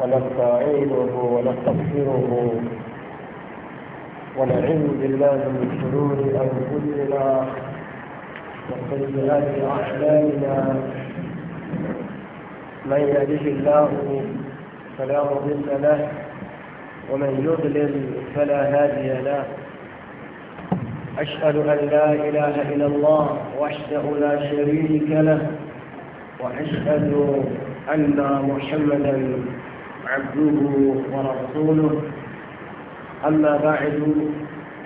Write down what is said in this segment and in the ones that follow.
ونستعينه ونستغفره ونعوذ بالله من شرور انفسنا وسيئات اعمالنا من يهده الله فلا مضل له ومن يضلل فلا هادي له أشهد أن لا إله إلا الله وحده لا شريك له وأشهد أن محمدا عبده ورسوله أما بعد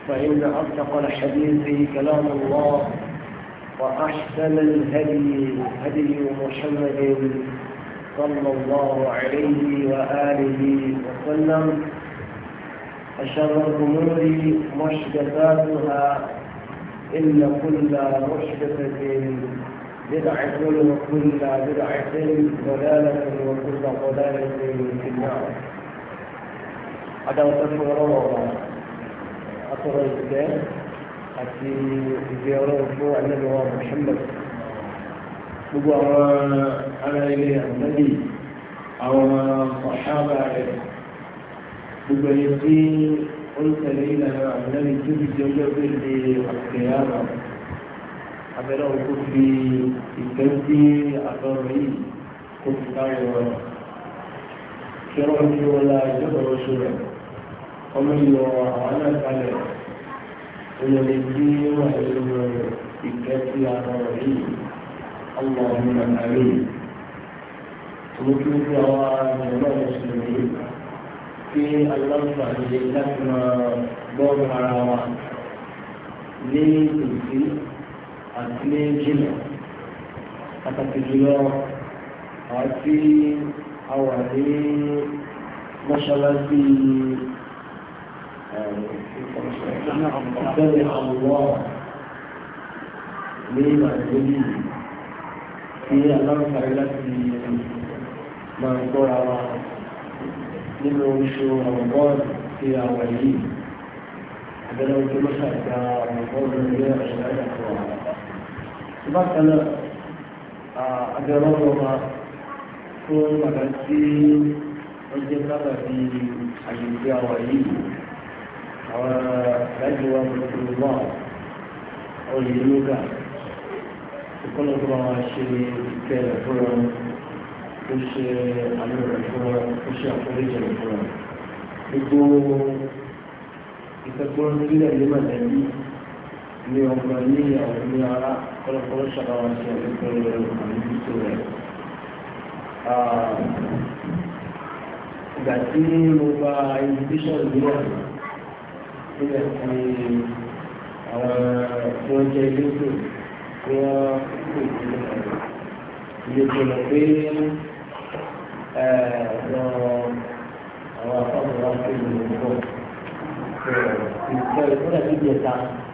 فإن أصدق الحديث كلام الله وأحسن الهدي هدي محمد صلى الله عليه وآله وسلم أشر الأمور محدثاتها إن كل محدثة بدع كل وكل بدع سلم ضلالة وكل ضلالة في النار. هذا هو تصور أثر الإسلام في زيارة أسبوع النبي محمد. هو أنا على إليه النبي أو صحابة بقى يقين قلت لي لنا النبي كيف يتجوز القيامة abẹ́rẹ́ òkú fi ìfẹ́ sí àtọ́rọ̀ yìí kó fi káwọn ọ̀rọ̀ kẹrọ ní ọlá ìjọba oṣù rẹ̀ ọmọ ìyọ̀ àwọn náà kalẹ̀ òyìn lè gbé wà nínú ìfẹ́ sí àtọ́rọ̀ yìí ọmọ ọmọ nàkàlẹ́ yìí kí wọ́n fi àwọn ìjọba oṣù rẹ̀ kí aláǹfà yìí láti máa gbọ́ ara wa ní ìsìn àti ní jìnà pàtàkì jùlọ àti àwà ní mọ́ṣáláṣí ìfẹ́lẹ̀ àwọ̀ ní nàìjíríà tí aláǹfààní láti máa ń gbọ́ra wa nínú oṣù ọ̀gbọ́n tí àwà yìí. عندما يمكن مشهد رمضان من الشهادة bákan náà àjọlọ́wọ́ wa fún bàbá tí wọ́n jẹ́ sábà bí àyèké àwà yìí àwọn àdájọ́ wa mọ̀ tó wà àwọn ìlú lóga ìkọlọ́gbọ́n wa ṣe ìfẹ́ rẹ̀ fún wọn ó ṣe àánú rẹ̀ fún wọn ṣe àforíjì rẹ̀ ní ọmọ ní ìyàwó ní ara kọ́lọ̀kọ́lọ̀ ṣàkàwà sí ọ̀pọ̀ àmójútó rẹ̀. ìgbà tí mo gba invitation ìgbìmọ̀ nílẹ̀ sí àwọn tí wọ́n jẹ́ ilé tó tí wọ́n pè ní ilé tó lọ pé àwọn àpapọ̀ wá pè ní ọgbọ́n. ìgbà ìfọ́nà bíbí ẹ̀ta.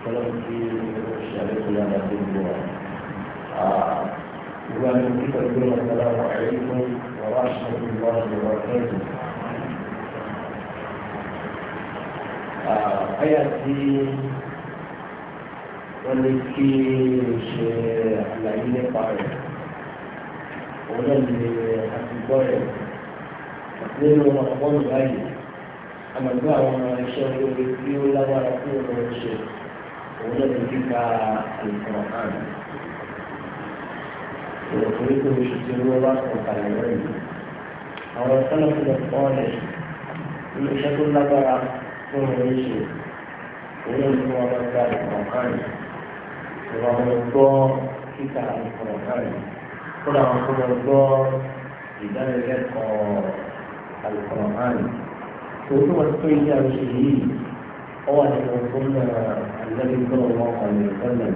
kalau di syarikat yang ada dua. Bukan kita berdoa Assalamualaikum warahmatullahi wabarakatuh. Ayat di memiliki lainnya pada orang di hati pada nínú ọgbọ́n báyìí àmàgbà àwọn ẹ̀ṣọ́ òun náà ti kíka ìkọ̀rọ̀ náà òkúri tó oṣù tí owó bá sọ kàlẹ̀ lẹ́yìn àwọn sọ́nà tó lọ pọ́ ọ̀lẹ̀ nínú iṣẹ́ tó lágbára fún òun ní ṣe òun náà ti wọn máa gba ìkọ̀rọ̀ هو أن يكون النبي صلى الله عليه وسلم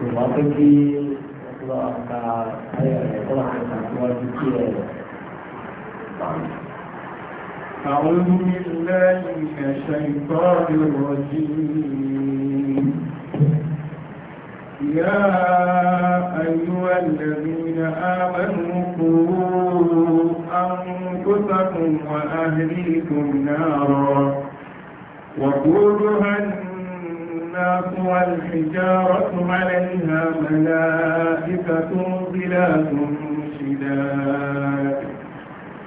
في أبكي أطلع كأطلع كأطلع أعوذ بالله من الشيطان الرجيم يا أيها الذين آمنوا قوا أنفسكم وأهليكم نارا وقودها الناس والحجارة عليها ملائكة ظلال شداد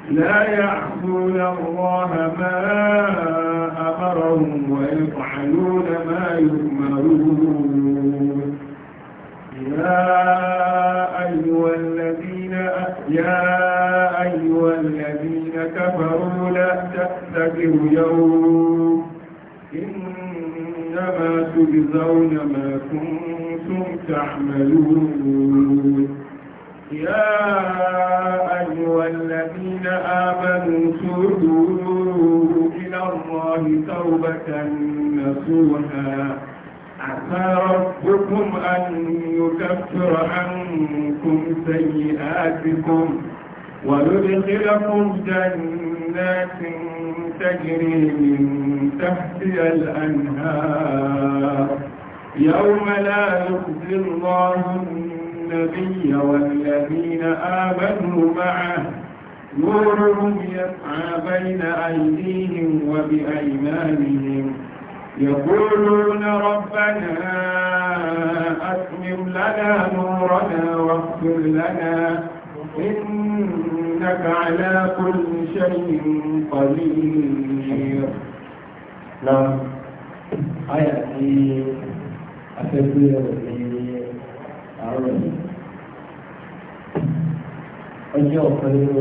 لا يعصون الله ما أمرهم ويفعلون ما يؤمرون يا أيها الذين يا أيها الذين كفروا لا تستكبروا يوم إنما تجزون ما كنتم تعملون يا أيها الذين آمنوا توبوا إلى الله توبة نصوحا عسى ربكم أن يكفر عنكم سيئاتكم وندخلكم جنات تجري من تحتها الأنهار يوم لا يخزي الله النبي والذين آمنوا معه نورهم يسعى بين أيديهم وبأيمانهم يقولون ربنا أسلم لنا نورنا واغفر لنا إن إنك على كل شيء قدير لا آية في أفضل العربي ọjọ́ ọ̀kan nínú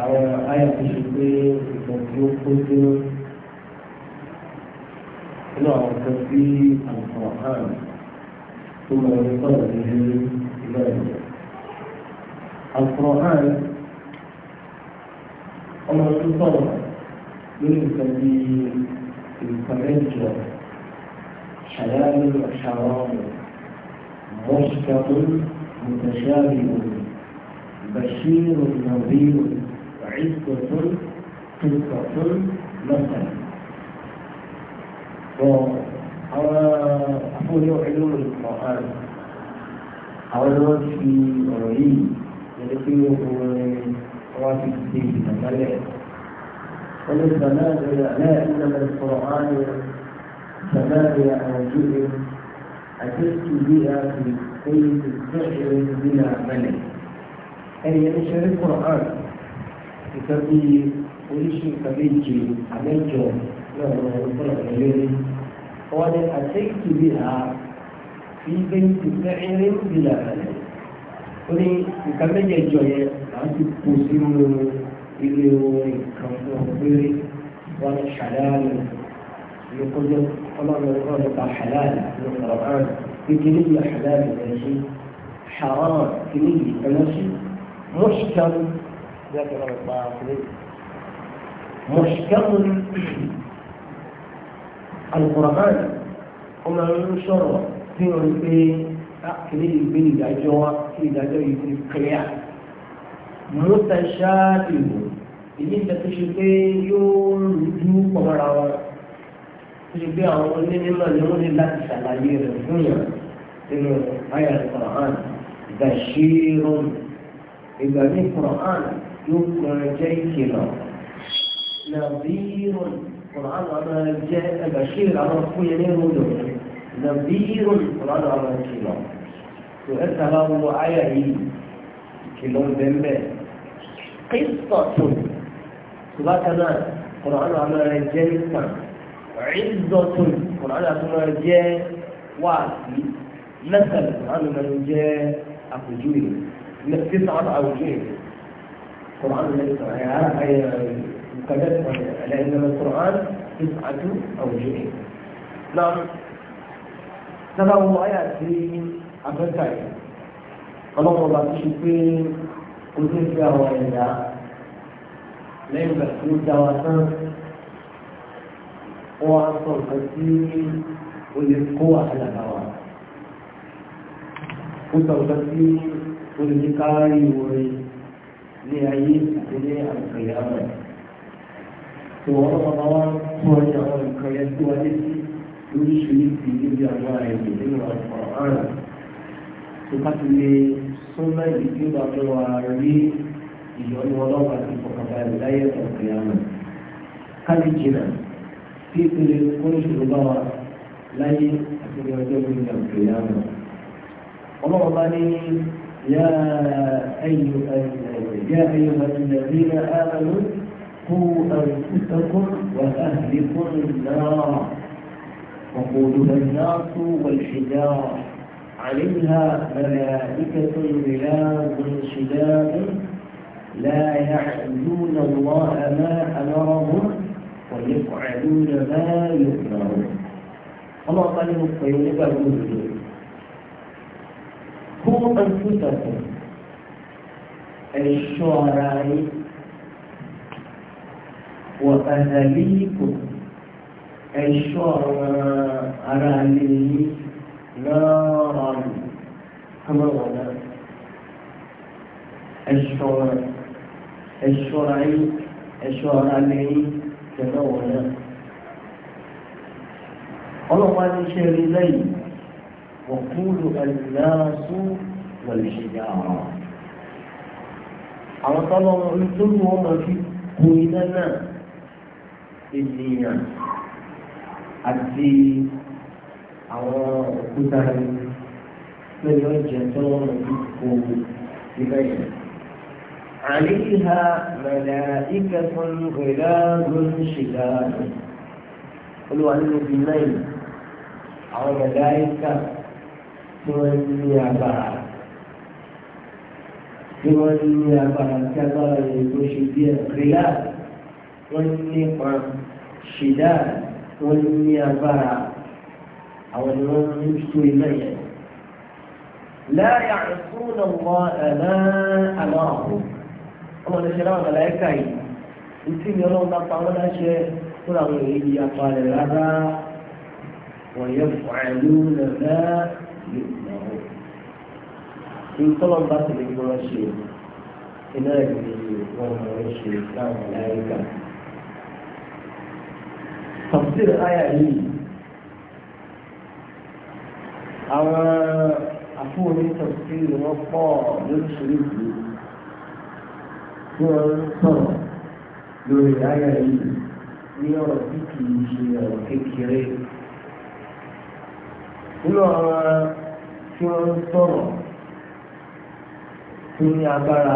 àwọn àyà tó ṣe pé ìgbà tí ó kó sínú nínú àwọn kan sí àǹfààní tó máa ń sọ̀rọ̀ nínú ilé ẹ̀jẹ̀. القرآن أمر الطلبة من التنبيه المترجع شلال الأشعار مشتق متشابه بشير نظير عزة قصة مثل و أقول يوحدون القرآن أو الوصف الرئيس ẹni tí orin wá fi ṣe ìdàgbàlẹ̀. wọ́n ní sàmáàlì àlẹ́ ìlànà ìfọ̀rọ̀ ààrẹ sàmáàlì àwọ̀jú rẹ̀ àtẹ́sù bí a fi èyí ti tẹ́sù rẹ̀ bí a mẹ́lẹ̀. ẹ̀yẹ ní ṣe rí kọ̀ọ̀án ìtọ́ bí oríṣi ìkàbíjì àmẹ́jọ náà wọ́n fọ́nà ẹ̀lẹ́rìí. wọ́n ní àtẹ́sù bí a fi èyí ti tẹ́sù rẹ̀ bí a mẹ́lẹ̀. ní nǹkan méjèèjọ yẹn àwọn ti kú sínú ilé orin kan ọ̀gbẹ́rẹ́ wọn ṣàlàyé ìyókòjọ ọlọ́run ọlọ́run ta ṣàlàyé ní ọ̀rọ̀ kékeré yìí ṣàlàyé rẹ̀ sí haram kìíní yìí ẹ̀rọ sí mọ́ṣíkàmù bí a kẹ́kọ̀ọ́ pa àkùrẹ́ mọ́ṣíkàmù alukọ̀rọ̀ hàn ọmọ ẹ̀rọ sọ̀rọ̀ bí wọ́n ń pè é. kìíní ìgbé ìdájọ́ wa kí ìdájọ́ yìí ti kílíà mọ́tàṣá ìwò èyí ń tẹ́tí ṣe pé yóò rújú pọ̀mọ́ra wọn tó ṣe pé àwọn onímọ̀ ni wọ́n ní láti ṣàlàyé rẹ̀ fún yàn nínú àyà Qur'an bashirun ìgbà ní Qur'an yóò kọrin jẹ́ ìkìlọ̀ nàbírun Qur'an àwọn jẹ́ bashir àwọn fún yẹn ní ìrúdò nàbírun Qur'an àwọn ìkìlọ̀. tó ẹ̀sà máa ń wọ àyà yìí ìkìlọ̀ bẹ́ẹ̀ kíkọ̀ tó ṣùgbọ́n náà kùránù àmọ́ rẹ̀ jẹ́ nìkan ìzọ̀ tó kùránù àmọ́ rẹ̀ jẹ́ wáàsí mẹ́sàn kùránù rẹ̀ jẹ́ àpèjúwe mẹ́sàn àwọn àwùjọ القرآن ليس مكلف لأن القرآن تسعة أوجه نعم سبب آيات afẹ́kà yìí ọlọ́wọ́ bá ti pé ó ti ń fi àwọn ẹ̀dá lẹ́yìn ìgbà tí ó dá wa tán wọ́n á sọ nǹkan tí ó lè kó àhàlà bá wa ó sọ nǹkan tí ó lè ní káárí orin ní ayé àti ní àgbẹ̀yà rẹ̀ tó ọlọ́wọ́ bá wá tó ọjà àwọn nǹkan yẹn tó wáyé sí lóríṣiríṣi níbi àwọn àyẹ̀wò nínú àwọn ọ̀rọ̀ tó bá ti lè súnmọ́ ibi tí ó bá fẹ́ wá rí ìyọnu ọlọ́pàá ti fọkànbalẹ̀ láyé ọ̀gbìn àná káàdì jìnnà tí ìpele oníṣòro bá wa láyé àti ní ọjọ́ ìgbìn ọ̀gbìn àná. ọlọ́run bá ní يا أيها يا أيها الذين آمنوا قوا أنفسكم وأهلكم النار وقودها الناس والحجارة عليها ملائكة غلاظ شداد لا يعبدون الله ما أمرهم ويفعلون ما يؤمرون الله قال للطيور له قوا أنفسكم الشعراء وأهليكم الشعراء náà amọ̀wọ̀dá ẹ̀ṣọ́ra ẹ̀ṣọ́ra yìí ẹ̀ṣọ́ra lẹ́yìn tẹ̀lọ́wọ̀dá ọlọ́pàá ní ṣe rí lẹ́yìn wọ̀kúlù ẹ̀lẹ́sù wọ̀lẹ̀ṣẹ̀dá àwọn tọ́lọ́ nítorí wọn máa fi kú iná náà ènìyàn àti àwọn òkúta lórí oúnjẹ tó ń kó ibẹ̀ yẹn. عليها ملائكة غلاظ شداد قلوا أن في الليل أو ملائكة تولي بعد tí wọ́n ní agbára tí agbára rẹ̀ tó ṣe bí ẹ̀ríyà wọ́n ní pa ṣìdá wọ́n ní agbára àwọn ni wọ́n ń tú iná yẹn. láyà ìfún ọmọ ẹ̀rọ àlọ́ ọ̀hún ọmọ ní ṣẹlẹ̀ àwọn màláíkà yìí ìtì ní ọlọ́run bá pa wọ́n láṣẹ fún àwọn èyí apá rẹ̀ rárá wọ́n yẹ fàálù lẹ́lẹ́ yìí náà. ìtọ́lọ́ bá ti lè gbọ́n ṣe iná ìrìn wọn mọ̀ ń ṣe láwọn màláíkà. tafsir aya yìí àwọn àfúnni tọ̀sí wọn pọ̀ lóríṣiríṣi tí wọ́n ń sọ̀rọ̀ lórí ayé yìí ní ọ̀rọ̀ tí kì í ṣe ọ̀rọ̀ kékeré. nínú àwọn tí wọ́n ń sọ̀rọ̀ tó ní agbára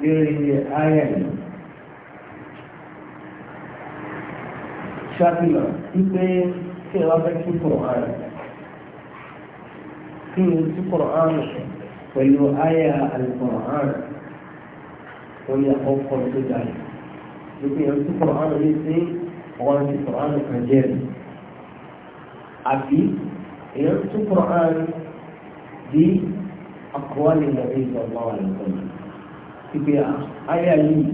lórí ayé yìí. ṣàfihàn wípé tí ẹ wá fẹ́ kí fún ọ̀hán rẹ̀ tí mo tú kọ̀ọ̀án pẹ̀lú àyà àlùkọ̀ọ̀án ó ní ọkọ̀ tó dáa lókè yẹn tú kọ̀ọ̀án ní sí ọwọ́n ti kọ̀ọ̀án kan jẹ́ rẹ̀ àbí èèyàn tú kọ̀ọ̀án bí akọ̀wálé nàbí ìgbàgbọ́ wà lọ́wọ́ ìpè àyà yìí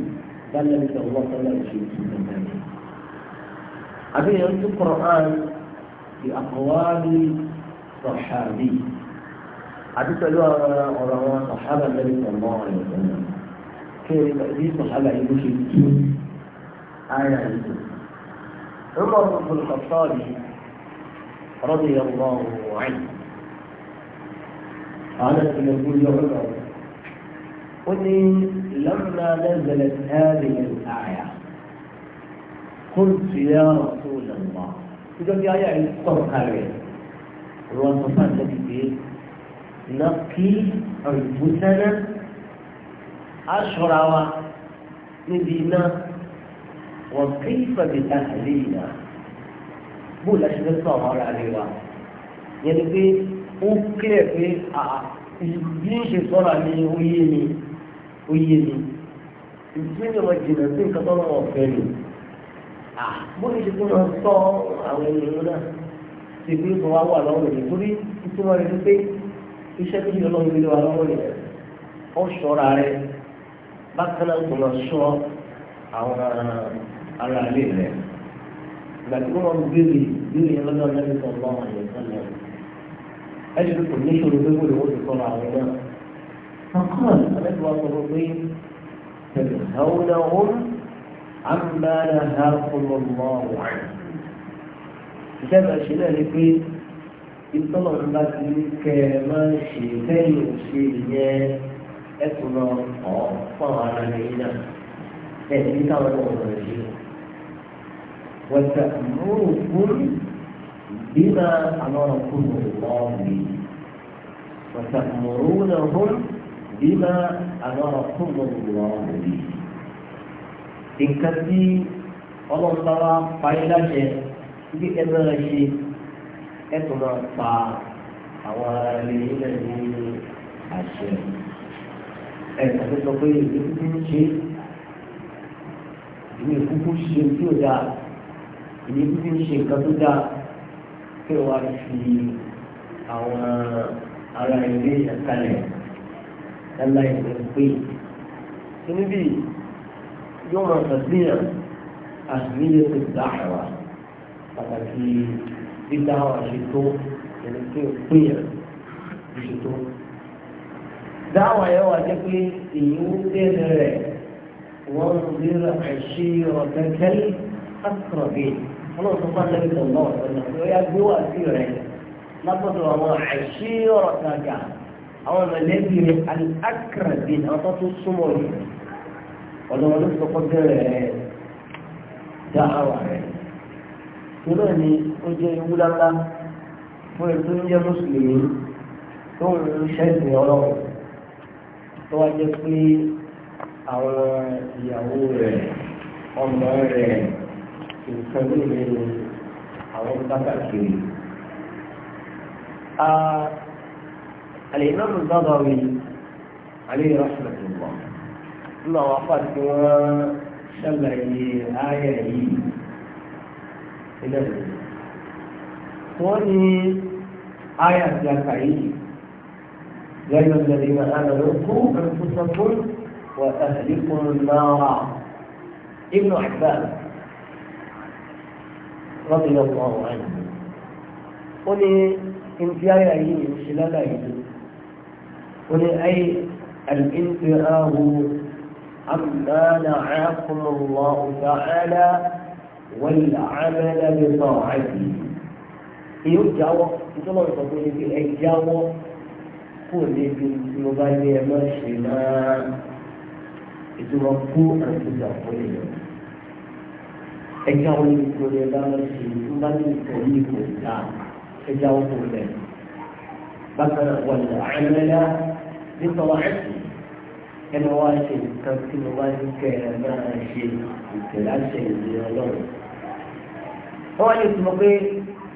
dáná ní sọ̀rọ̀ wọ́n fẹ́lẹ́ ìṣèlú ìgbàgbọ́ àbí èèyàn tú kọ̀ọ̀án bí akọ̀wálé sọ̀hábì. حديث الله صحابة النبي صلى الله عليه وسلم كيف تأذيب صحابة يدوش الكين آية عمر بن الخطاب رضي الله عنه على سبيل يقول يا عمر قلت لما نزلت هذه الآية قلت يا رسول الله إذا في آية الصبح هذه الرسول صلى الله nàkí àlùbùsẹ́nà aṣọra wa níbi iná wọ́n kí ìfẹ̀bìtà àlẹ́ ìyá bóòlù láti fẹ́ sọ àwọn ará rẹ wa yẹn ni pé ó kílẹ̀ pé bí ń ṣe sọ́ra ni ó yé mi ó yé mi ìdílé ni wọ́n jìnnà sí nǹkan tó lọ́wọ́ ọ̀fẹ́ mi bóyá ṣe kó máa sọ àwọn ènìyàn náà ṣe pé kò wà lọ́wọ́ rẹ̀ torí ìtumọ̀ rẹ̀ ni pé iṣẹ́ tó yọ lọ́wọ́ ilé wa lọ́wọ́ yẹn ó ṣọ́ra rẹ bákan náà kò lọ ṣọ́ àwọn ará ilé rẹ ìgbà tí wọ́n béèrè béèrè yẹn lọ́dọ̀ lẹ́yìn tó ń bá wọn yẹn sọ́nà ẹ̀ṣin kò ní ìṣòro pé wọ́n lè wọ́n ti sọ̀rọ̀ àwọn náà. فقال ألد وضربين تنهونهم عما نهاكم الله عنه كتاب أشياء لكي ìtọ́nà ńlá ti ní kẹ́ ẹ máa ń ṣe lẹ́yìn òṣè ìyẹn ẹ̀tún lọ ọ̀ fún àwọn ará ẹ̀yìn náà ẹ̀yìn ní káwọn ọmọ rẹ̀ ṣe. wọ́tà múrò fún bímọ àwọn ọkùnrin ọ̀gbìn wọ́tà múrò náà fún bímọ àwọn ọkùnrin ọ̀gbìn. nǹkan tí ọlọ́run bá wá parí láṣẹ bí ẹ máa ṣe ẹ tún máa pa àwọn ará ilé yín náà ní àṣẹ ẹ tàbí sọ pé èyí kúkú ń ṣe èyí kúkú ṣe tí ò dáa èyí kúkú ń ṣe nǹkan tó dáa pé wàá fi àwọn ará ilé yẹn kalẹ̀ ìwé pé níbi yóò máa tẹ̀síyàn àti níyẹn tó dáa wá pàtàkì dídá àṣetó ẹni tí ò pín yẹn àṣetó. dáwà yẹn wà jẹ́ pé èyí ń tẹ́lẹ̀ rẹ̀ wọ́n ń rírà àṣì ọ̀tẹ́kẹ́lẹ́ àtúrọ̀bì ọlọ́run tó máa ń lẹ́yìn tọ̀ náà ọ̀nà tí ó yá gbé wá sí rẹ̀ lápọ̀tọ̀ àwọn àṣì ọ̀tàgà àwọn mẹlẹ́bí rẹ̀ alákàràbì àwọn tó tún súnmọ́ rẹ̀ ọ̀dọ̀ wọn ló sọ ìrọ̀ ni ó jẹ́ ewu lálá fún ètò oúnjẹ mùsùlùmí tó ń ṣẹ́sìn ọlọ́run tó wá jẹ́ pé àwọn ìyàwó rẹ̀ ọmọ rẹ̀ nǹkan lóore ni àwọn kákàkiri. الإمام البغوي عليه رحمة الله الله وقت شمع آية إلهي آيات يا سعيد يا الذين آمنوا أنفسكم وأهلكم النار ابن أحباب رضي الله عنه أني كنت يا أيين شلال أيين أي الانتهاء عما نعاكم الله تعالى والعمل بطاعته yóò jáwọ́ nítorí wọn sọ pé níbi ẹ jáwọ́ kó níbi tí mo bá ní ẹ má ṣe máa ìtura kú àti ìjà fún èèyàn ẹ jáwọ́ níbi tí mo ní ẹ bá má ṣe tí mo bá ní ìtọ́ yìí kò dá ẹ jáwọ́ kó lẹ̀ bákan náà wọ́n ní àmẹ́lá nítorí ẹ̀sìn. إن واسع تبكي الله كي لا شيء لا شيء زيادة هو يسمقي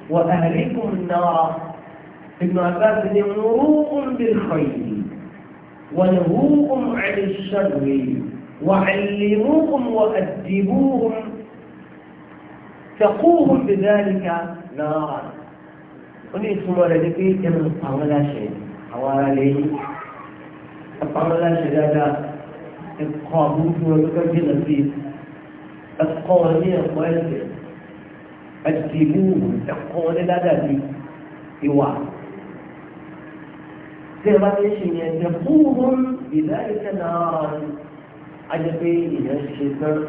وأهلكم النار ابن عباس نروء بالخير ونهوكم عن الشر وعلموهم وأدبوهم تقوهم بذلك نارا ونسمى لديك من قام لا شيء حوالي فعملنا شجاجة القابوس وذكرك النسيب القوانية الضيطة الجيبون القوانة لا دادي يوعى سيبان يشين يتفوهم بذلك أن يبقى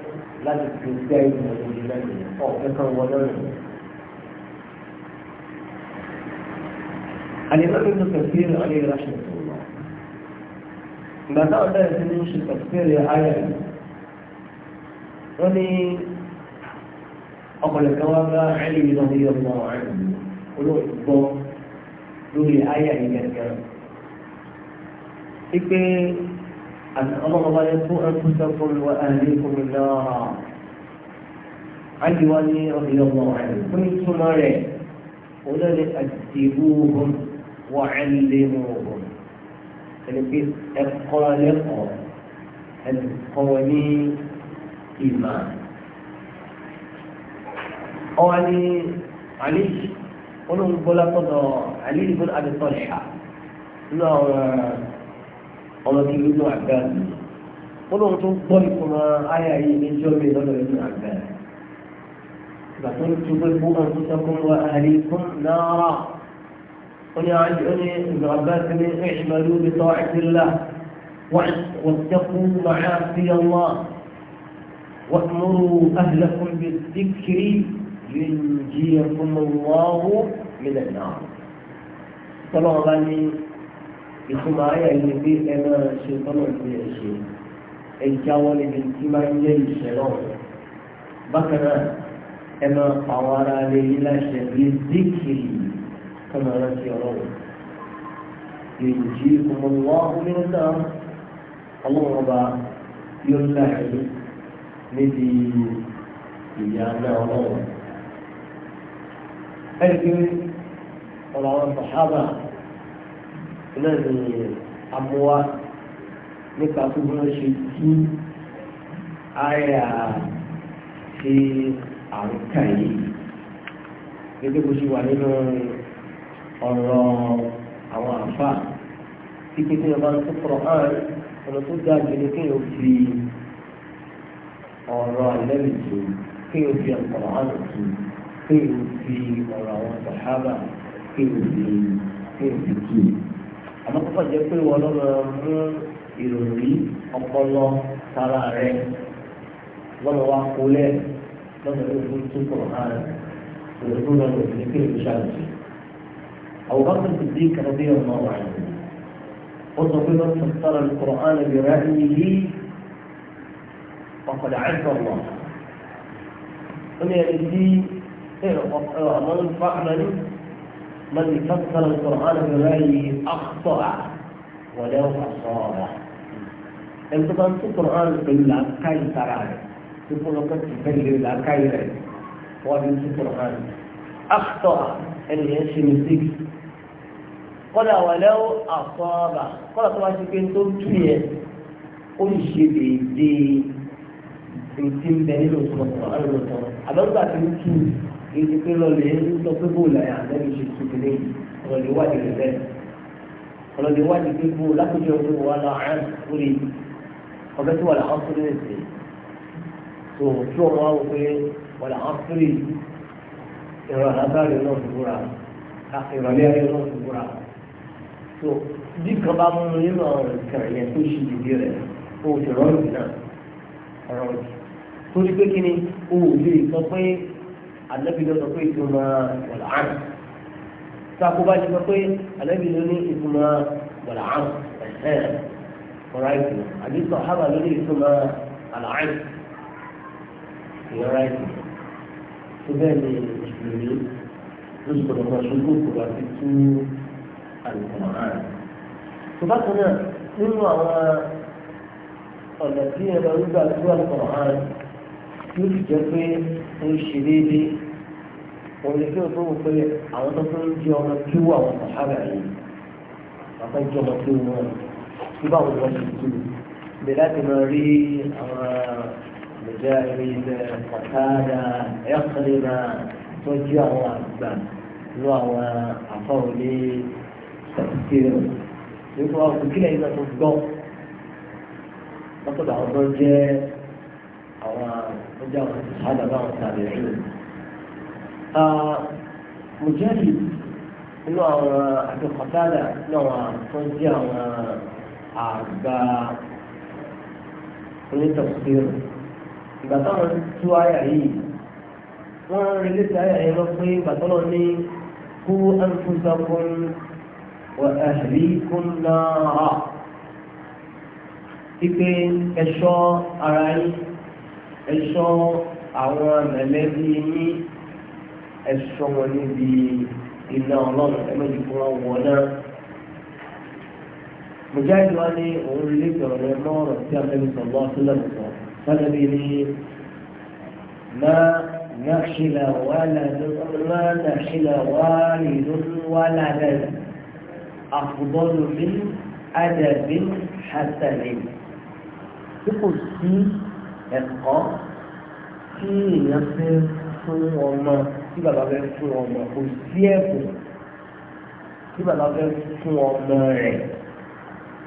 ابن ìgbà táwọn bẹ̀rẹ̀ sí ní ṣe tẹ̀síkẹ́rẹ̀ ayẹ̀ wọ́n ní ọkọ̀lẹ̀ kan wá bá ẹ̀rí ìlọ ní ọmọ ọ̀rẹ́ olóògbọ́ lórí ayẹ̀ ìgẹ̀gẹ̀ ipe ọlọ́mọba yẹn fún ẹkùnsẹ́kùn wa ẹ̀rí kùnmí náà ájì wá ní ọmọ ọmọ ọ̀rẹ́ fún ìtumọ̀ rẹ̀ olóòlẹ̀ àti ìbúhùn wà ẹ̀lẹ́mọ̀ọ̀hùn ẹni pé ẹ̀kọ́ lẹ́kọ̀ọ́ ẹni kọ́ wọn ní ìmọ̀ ọwọ́ ni àlè olóńgbọ́lá tọ́dọ̀ àlè ìbò àdìsọ́ ṣá nínú àwọn ọmọ tí ìlú àgbà mi olóńgbọ́n tó gbọ́ ìkùnà ayà yìí níjọ́ mi lọ́dọ̀ ìlú àgbà mi. فقلت بالبؤر تكون وأهليكم نارا وني عني ابن عباس اعملوا بطاعة الله واتقوا معافي الله وامروا أهلكم بالذكر ينجيكم الله من النار طبعا غني يكون آية اللي في أنا شيطان في الشيء الجوال بالتمام الشيطان بكرة أنا قوارا ليلة شبيه ذكري كما نسي يرون ينجيكم الله من النار الله ربا يرلعن níbi ìyá náà ọlọ́run ẹgbẹ́ ọ̀rọ̀ àwọn sàhábà náà ní amúwá nípa tó bí wọ́n ṣe tú àyà sí àrùkà yìí gẹ́gẹ́ bó ṣe wà nínú ọ̀rọ̀ àwọn àfà títí tí ọba tó kọ̀ hàn ọ̀nà tó dáa jù ní kí o fi ọ̀rọ̀ àlẹ́lì tù kí o fi ọ̀rọ̀ hàn tù kí o fi ọ̀rọ̀ àwọn sàhábà kí o fi kí o fi tù. àmọ́ kọ́kọ́ jẹ́ pé wọn lọ́nà mú ọpọlọ sára lọ́nà wa lọ́nà tó kọ̀ lọ́nà tó lọ́nà tó ní kí o fi ṣàlùfẹ́. أو بكر الصديق رضي الله عنه قلت بمن فسر القرآن برأيه فقد عز الله قل يا من فعلا من فسر القرآن برأيه أخطأ ولو أصاب أنت في القرآن بالعكاية ترى تقول لك في العكاية وأنت القرآن أخطأ أن يشي مستيكس kọ́dà wà lẹ́wọ́ àfọ́ọ́bà kọ́dà tó wá sí pé tó tú yẹ ó lè ṣe déédé ètí ń bẹ nínú ìtọ́sọ̀ àlùtọ̀ àbẹ́gbà tó ń tú ètí pé lọ́lẹ̀ ń sọ pé bó làyà lẹ́nu ṣe tó tẹ̀lé ọ̀lọ́dẹ wà nílẹ̀ bẹ́ẹ̀ ọ̀lọ́dẹ wà nílẹ̀ bó lákòjọ pé wà lọ àrùn sórí ọ̀bẹ tí wà lọ àwọn sórí ìrọ̀lẹ́ ayé náà ti so bí kan bá mú nínú àwọn nǹkan yẹn tó ṣe ìdí rẹ̀ o sì rọrùn náà ọ̀rọ̀ jù torí pé kí ni o ò lè sọ pé ànábì lọ sọ pé ìtumọ̀ wàlàán sáko bá ti sọ pé ànábì lọ ní ìtumọ̀ wàlàán ọ̀rọ̀ àìsàn àbí sọ̀hábà ló ní ìtumọ̀ àlàáyé ìyọ̀rá ìsìn tó bẹ́ẹ̀ ni ìṣòro ló ti gbọdọ̀ mọ̀ ṣogbó ti tú. Al-Qur'an. tó bá kan náà nínú àwọn ọ̀nà tí ẹ lọ nígbà tó Al-Qur'an yóò sì jẹ́ pé ó ń ṣe déédéé òun ni kí o tó wò pé àwọn tó ń jẹ ọmọ kí wọ àwọn sàhábà yìí wọ́n fẹ́ jẹ ọmọ kí wọ́n kí bá wọn wọ́n ti tu bẹ́ẹ̀ láti máa rí àwọn ìjà ìrìnlẹ̀ ọ̀kadà ẹ̀kọ́lẹ́nà tó jẹ́ àwọn àgbà nínú àwọn àfọ̀wọ́lé ṣàkíyèrè rẹ̀ nípa òkúkílẹ̀ yìí náà tó gbọ́ lọ́sọ̀dọ̀ àwọn tó jẹ́ àwọn tó jẹ́ àwọn àdàbà àwọn tàbí ẹ̀rọ. mujahid inú àwọn àtẹ̀kọ̀tàdà náà tó jẹ́ àwọn àgbà onítọ̀síìrì ìgbà táwọn tú àyà yìí wọ́n rí létí àyà yẹn lọ pé bàtọ́lọ́ ní kú àǹfọ̀sọ̀kùn وأهليكم نارا ipe ẹ̀ṣọ́ ara yín ẹ̀ṣọ́ àwọn mẹ̀lẹ́bí yín ẹ̀ṣọ́ wọn níbi iná ọlọ́run ẹ̀mẹ́jì fún wọn wọ̀ náà. mujahid wa ni òun lè bẹ̀rẹ̀ rẹ mọ́ ọ̀rọ̀ tí a fẹ́ sọ lọ́wọ́ tó lẹ́nu sọ sálẹ́bí ni má nàṣìlà wàlà má nàṣìlà wàlì lónú wàlà lẹ́nu àfùdọ́lù ní àdàbí hasanì tí kò sí في tí èèyàn fẹ́ fún ọmọ tí bàbá fẹ́ fún ọmọ kò sí ẹ̀bùn tí bàbá fẹ́ fún ọmọ rẹ̀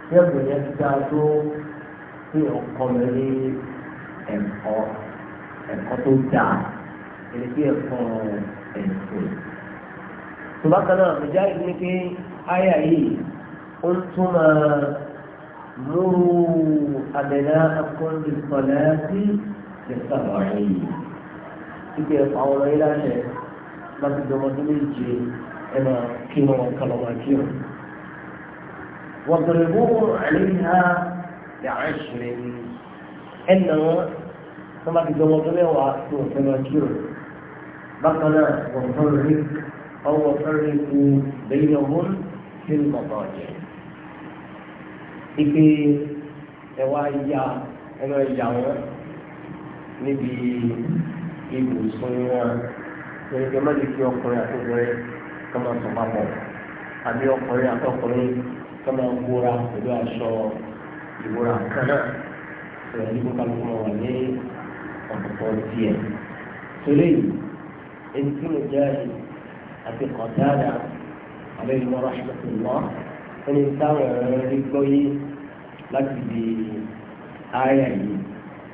tí ẹ̀bùn yẹn ti dáa tó pé ọkọ mi ní ẹ̀kọ́ ẹ̀kọ́ tó dáa èyí tí ẹ̀kọ́ ẹ̀sìn. tòbákan náà mo jáde ní pé àyà yìí ó tún máa múrú àbẹ̀dá akọ́ndé sọ̀lá sí ìsàlọ̀ yìí. Ibi ẹ̀fọ́ àwọn ọ̀rọ̀ yìí láṣẹ láti dọmọdé méje ẹ máa kí wọn kálọ̀ máa kí wọn. واضربوه عليها بعشر انه كما تجوزنا وعطوا تماكير بقنا وفرق او فرق بينهم nínú bàbá ọ̀jẹ̀ ipe ẹwà ya ẹlọ ẹ̀yà wọn níbi ibùsùn wọn ẹ̀yẹ mẹ́lẹ̀ kí ọkùnrin àtọ́kùnrin kọ́ máa sọ papọ̀ àbí ọkùnrin àtọ́kùnrin kọ́ máa gbóra pẹ̀lú aṣọ ìwúra kan náà ẹ̀rọ ní kókàlùkù wọn wà ní ọ̀pọ̀pọ̀ tiẹ̀. torí èyí tí mo jẹ́ àti kọ̀dáadáa. عليه ورحمة الله أن إنسان ريكوي لك بآية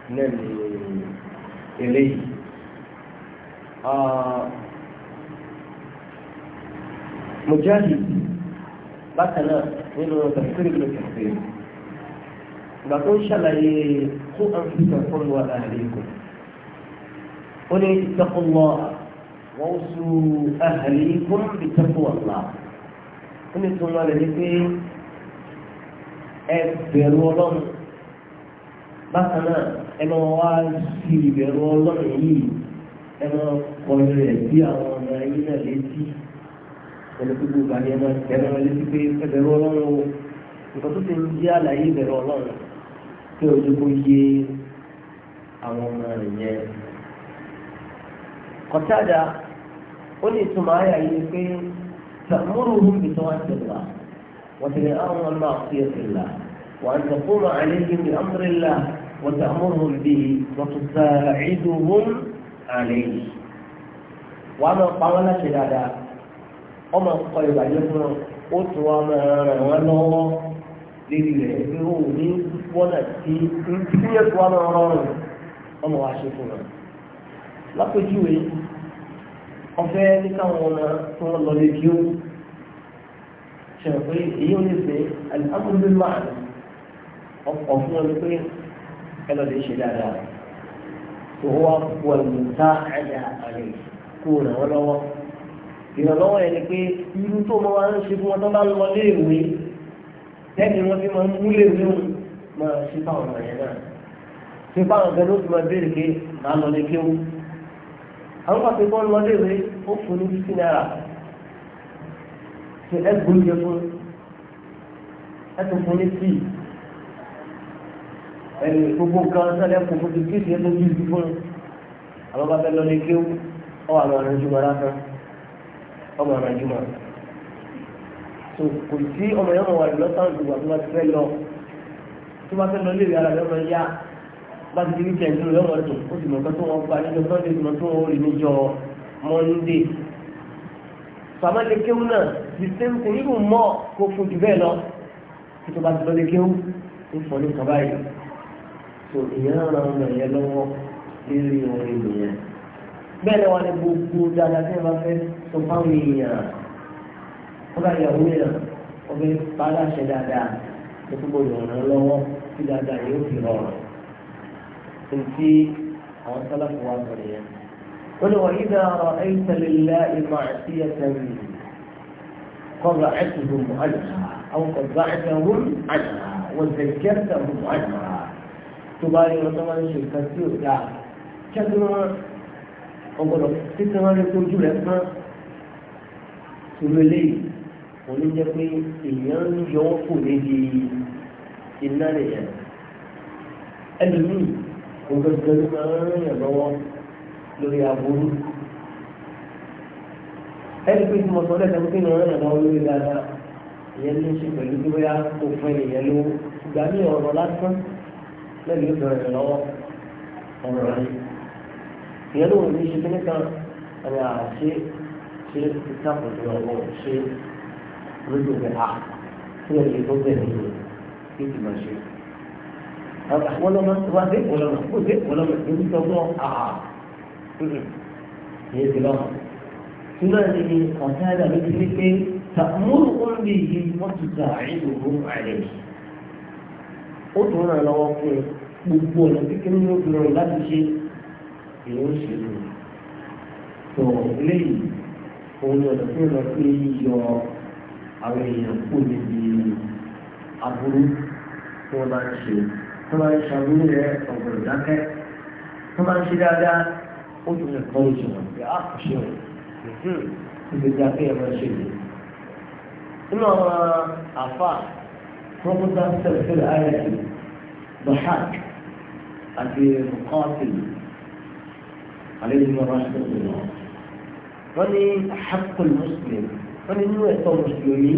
من إليه آه مجاهد بكنا إنه تفسير ابن كثير بقول شلعي قو أنفسكم وأهليكم قل اتقوا الله ووصوا أهليكم بتقوى الله ní ìtumọ̀ rẹ̀ ni pé ẹ bẹ̀rù ọlọ́run bákan náà ẹ máa wá sí ìbẹ̀rù ọlọ́run yìí ẹ máa kọrin rẹ̀ sí àwọn ọmọ ẹ̀yìn náà létí pẹ̀lú gbogbo ìgbà ni ẹ máa tẹ̀ ẹ́ létí pé ẹ bẹ̀rù ọlọ́run o nǹkan tó ti ń jẹ́ àlàyé ìbẹ̀rù ọlọ́run pé ojú kò yé àwọn ọmọ rẹ̀ yẹn. Kọ̀tádà ó ní ìtumọ̀ ayà yìí pé تأمرهم بتوحيد الله وبالأمر معصية الله وأن تقوم عليهم بأمر الله وتأمرهم به وتساعدهم عليه وأما قولنا شدادا وما قيل يسمع أتوى ما ولو للعبرون ونفسي انتهت وما رارون وما واشفونا لقد جوي ọ̀fẹ́ ní káwọn ọmọ tí wọ́n lọ lé kí ó ṣe pé èyí ò ní ṣe alákùnrin máa ní ọkọ̀ fún wọn pé ẹ lọ lè ṣe dáadáa tó wá pọ̀ níta ẹ̀dá àlè kó ràn wọ́n lọ́wọ́ ìrànlọ́wọ́ yẹn ni pé irú tó mọ́ wa ń ṣe fún wọn tó bá lọ lé ìwé tẹ́lẹ̀ wọn fi máa ń múlẹ̀ ìwé wọn máa ṣe fáwọn ọmọ yẹn náà ṣe fáwọn ọ̀gá ló fi máa béèrè pé màá lọ lé kéwù àwọn pàṣẹ bọ́ lọ́dẹ̀ rẹ ó fún ní fífi náírà ṣe ẹ gbóúnjẹ fún ẹ tó fún ní tíì ẹni gbogbo nǹkan sẹ́lẹ̀ kò fún ti tíì ẹ tó bí ibi fún àwọn bá fẹ́ lọ́dẹ̀ kéwù ọ wà lọ́rọ̀ ìjùmọ̀ lásán ọmọ ọ̀rọ̀ ìjùmọ̀ tó kò sí ọmọ yẹn mọ̀ wà lọ́sàn-án ìgbà tó bá ti fẹ́ lọ tó bá fẹ́ lọ lé ìyá rẹ̀ lọ́mọ yá bá ti di wíkẹ̀ ìlú rẹ̀ wọ́n dùn ó sì mọ̀ nǹkan tó wọ́n gba níjọ sunday tó mọ̀ tó wọ́n rí níjọ monday. sàmá lè kéwú náà the same thing irú mọ́ kó fún jù bẹ́ẹ̀ lọ kí tó bá ti lọ lè kéwú ń fọ ní kaba yìí. tó ìyẹn ara ọmọ yẹn lọ́wọ́ lérí orin nìyẹn. bẹ́ẹ̀ ni wọ́n ní gbogbo dáadáa tí wọ́n bá fẹ́ sọ fáwọn èèyàn wọ́n bá yàwó yẹn wọ́n fẹ́ bá aláṣẹ dáadáa lọ́wọ́ tí dáadáa yóò fi rọrùn ntí àwọn sálàfù wa sọ̀rọ̀ yẹn. wọ́n ní wọ́n yí dá ọ̀rọ̀ ẹ̀yìntàlélá ìmọ̀ àti ẹ̀sẹ̀rì kọ́ra ẹ̀sùnhùn àjàrà àwọn kọ̀ọ̀dá ẹ̀sẹ̀hùn àjàrà wọ́n zẹ̀kẹ́sẹ̀hùn àjàrà tó bá yẹ wọ́n tó máa ń ṣe nǹkan tí ò dáa kẹ́tùmọ́ ọgbọ́dọ̀ títí wọ́n lé tójú rẹ̀ pọ́n tòlólé wọ́n ní jẹ́ pé èèyàn ń yọ wọ́n kò níbi iná nìyẹn ẹlòmíì ògbẹ́gbẹ́ ló máa ń rìn lọ́wọ́ lórí aburú ẹni pé tí mo sọ lẹ́sẹ̀ pé ìnáwó rìn lọ́wọ́ lórí dáadáa ìyẹn ní í ṣe pẹ̀lú bí wọ́n yá òfin ìyẹn ló gbà ní ọ̀rọ̀ lásán lẹ́nu yóò bẹ̀rẹ̀ rìn lọ́wọ́ ọ̀rọ̀ rẹ̀ ìyẹn ló wọ̀ ní í ṣe kí nìkan ẹ̀rẹ̀ àṣẹ ṣe ìtàkùnjọ ọ̀rọ̀ ṣe lójú rẹ̀ à kí ẹ̀rẹ̀ tó bẹ̀rẹ̀ yìí kí ṣe wọ́n lọ́mọ tó wá dé wọ́lọ́mọ tó dé wọ́lọ́mọ tó ń tọ́gbọ́ àhà yé ti lọ́mọ. Súlá ni ọ̀tá ẹ̀dá ló ti ní pé tàmúrù ó lè yí wọ́n ti ta àìlò ó àlè. Ó tún ràn lọ́wọ́ fún gbogbo ọ̀nà kékeré ní obìnrin láti ṣe èyí ó ṣe lò. Tọ̀ léyìí, òun ni ọ̀nà tí ó lọ sí yíyọ àwọn èèyàn kó níbi aburú tí wọ́n bá ń ṣe. tó máa ń ṣàbúrú rẹ ọ̀gbọ̀n ìdákẹ́ tó máa ń ṣe dáadáa ó tún lè kọ́ oṣù wọn pé áàpù ṣe wọn ìgbè tí a kéèyàn máa ṣe lè. nínú àwọn àfà wọn kó dá sẹ́lẹ̀sẹ́lẹ̀ ayẹyẹ bàhák àti mùkọ́tìlì àlejò náà wọ́n ṣe tó lọ. wọ́n ní àhàkùn mùsùlùmí wọ́n ní inú ẹ̀tọ́ mùsùlùmí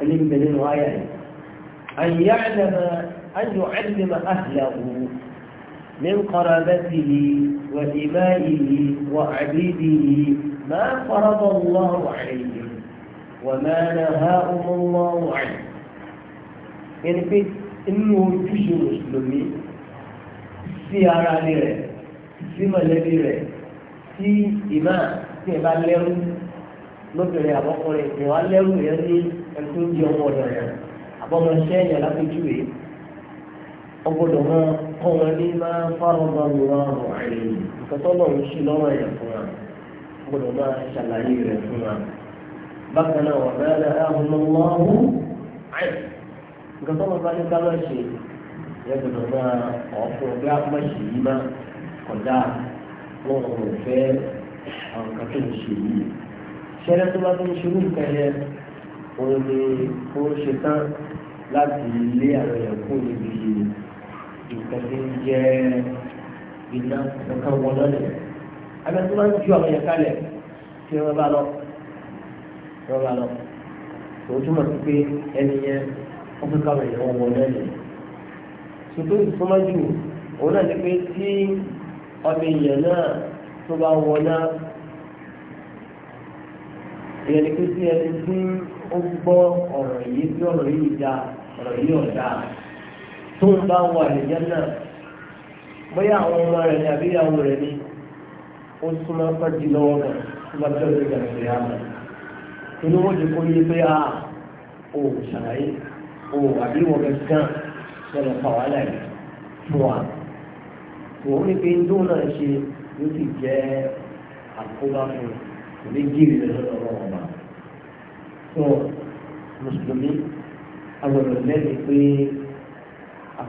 ẹni bẹ̀rẹ̀ nínú ayẹyẹ. أن يعلم أن يعلم أهله من قرابته وإمائه وعبيده ما فرض الله عليهم وما نهاهم الله عنه يعني في إنه جزء مسلمي sí ara ilé rẹ̀ sí mọ̀lẹ́bí rẹ̀ sí ìmá tí ìbá lẹ́rú lóbìnrin àbọ́kùnrin ìwà lẹ́rú yẹn ní ẹni tó ń di ọmọ ọ̀dọ̀ yẹn àbọ̀mọṣẹ́ yẹn lápẹ́jú yìí ọgbọ́dọ̀ mọ kọ́ wọn ní máa fárọ́gbà lọ́wọ́ àwọn àìlèyìn ìtọ́tọ́lọ̀ ń ṣe lọ́wọ́ ẹ̀yà fún wa ọgbọ́dọ̀ máa ṣàlàyé rẹ̀ fún wa bákan náà wà bẹ́ẹ̀ lẹ́ àwọn ọmọ ọ̀hún àì nǹkan tó wọn bá ní káwọn ṣe yẹ gbọ́dọ̀ máa ọ̀fọ̀ bí apáṣẹ yìí má kọjá wọn ò fẹ́ àwọn nǹkan tó ń ṣe yìí ṣẹlẹ̀ tó bá tó ṣe tán láti lé nǹkan tí ń jẹ́ iná kankan wọn lọ́lẹ̀ abẹ́ tó máa ń ju àwọn yẹn kalẹ̀ tí wọ́n bá lọ wọ́n bá lọ tó túmọ̀ sí pé ẹni yẹn wọ́n fi káwọn yẹn wọ́n wọlé lẹ̀ ṣùgbọ́n ìfọ́nmájú òun náà ni pé tí ọmọ èèyàn náà tó bá wọlé èèyàn ni pé tí ẹni tí ó gbọ́ ọ̀rọ̀ yìí tí ọ̀rọ̀ yìí da ọ̀rọ̀ yìí ọ̀dà tó ń bá wà nìyẹn náà bóyá àwọn ọmọ rẹ̀ ni àbí ìyàwó rẹ̀ ni ó súnmọ́ pẹ́ di lọ́wọ́ kan tó bá tẹ̀lé ìgbà ìgbà ìyá rẹ̀ inú wọn ti kó yé pé a ah, ò ṣàlàyé ò àbí wọn bẹ gán pa wàhálà yìí fún wa òun ní pé ndó náà ṣe ló sì jẹ́ àkóbá fún òní gírì lọ́dọ̀ ọlọ́wọ́ ọba tó mùsùlùmí agbọ̀dọ̀ lẹ́nu pé.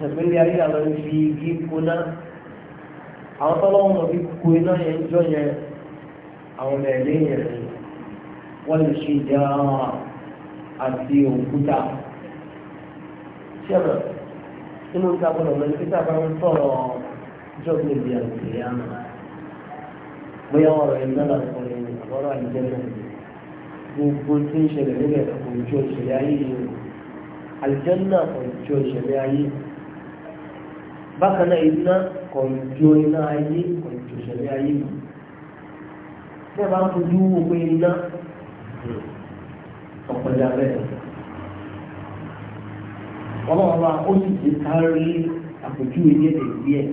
ṣẹ̀gbẹ́lẹ̀ ayé àwọn ibi igi kóná àwọn tọ́lọ́wọ́n lọ bí kó iná yẹn jọ yẹn àwọn ọmọ ẹ̀lẹ́ yẹn ni wọ́n lè ṣe ìjà àti òkúta ṣẹ̀rọ̀ nínú ìta gbọ́dọ̀ mọ̀ ní pété àbáwọn sọ̀rọ̀ jọ́gbìn ìdí àti ìyá náà bóyá ọ̀rọ̀ ìlú náà kọ́ ni ọ̀rọ̀ àìjẹ́ gbogbo tí ń ṣẹlẹ̀ nílẹ̀ kò jọ ìṣẹ̀lẹ̀ ayé yìí àìjẹ́ náà kò jọ ìṣẹ̀lẹ̀ ayé yìí bákan náà iná kọ̀ǹjọ iná ayé kọ̀ǹjọ ìṣẹ̀lẹ̀ ayé mi bẹ́ẹ̀ bá ń fojú wo pé iná ọ̀pọ̀jà bẹ́ẹ̀ ọlọ́run bá ó sì ti kárí àpèjúwe ní èdè díẹ̀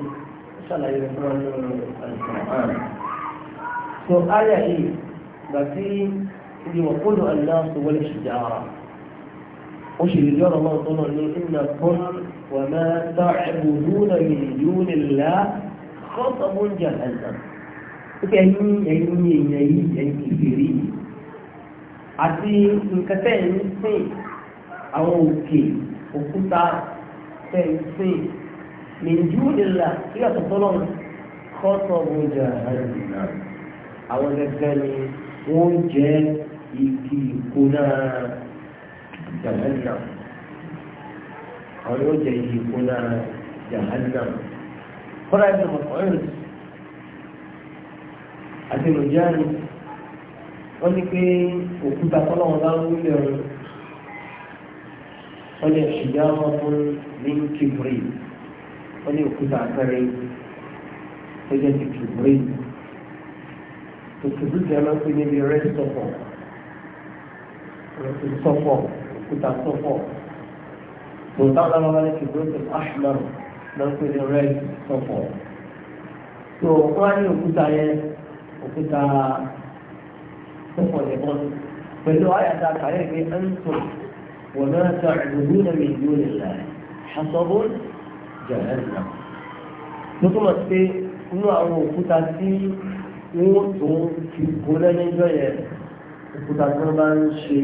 ṣàlàyé rẹ̀ fún ọmọ àlùfáà so ayà yìí gbàtí ìdíwọ̀ kó lọ àlùfáà sọ wọlé ṣìjà ara. وشي جرى الله طلع إنكم وما تعبدون من دون الله خطب جهنم ẹ̀yin ẹ̀yin èèyàn yìí ẹ̀yin kìfìrí àti nǹkan tẹ́ ń sìn àwọn òkè òkúta tẹ́ ń sìn nìjú ìlà tí a tọ̀tọ̀ àwọn gẹ́gẹ́ ni wọ́n jẹ́ igi jahannam àwọn yóò jẹ iye kó lára jahannam kọ́lá ẹ̀sìn mọ̀kọ́yìn àti lòjáàni wọ́n ní pé òkúta kọ́lá wọn bá ń wúlẹ̀ ọ̀run wọ́n ní ìyá wọn fún ní kìbìrì wọ́n ní òkúta akẹ́rẹ́ tó jẹ́ ti kìbìrì òkúta tí a máa ń pè ní bí rẹ́sítọ̀pọ̀ rẹ́sítọ̀pọ̀ ìtàsọ́fọ̀ bùtá lábábá ní kìbúrúkú ashman lọ́pẹ́ ní red sọ́fọ̀ tó wọ́n á ní òkúta yẹn òkúta sọ́fọ̀ nìkan pẹ̀lú àyàtà kàlẹ́ pé ẹ̀ ń tò wọ́n náà ta ìdúró mi yóò lè la ṣàtọ́bù jẹ̀rẹ̀ ló túmọ̀ sí pé inú àwọn òkúta tí wọ́n tó fi kó lẹ́nu ìjọ yẹn òkúta tí wọ́n bá ń ṣe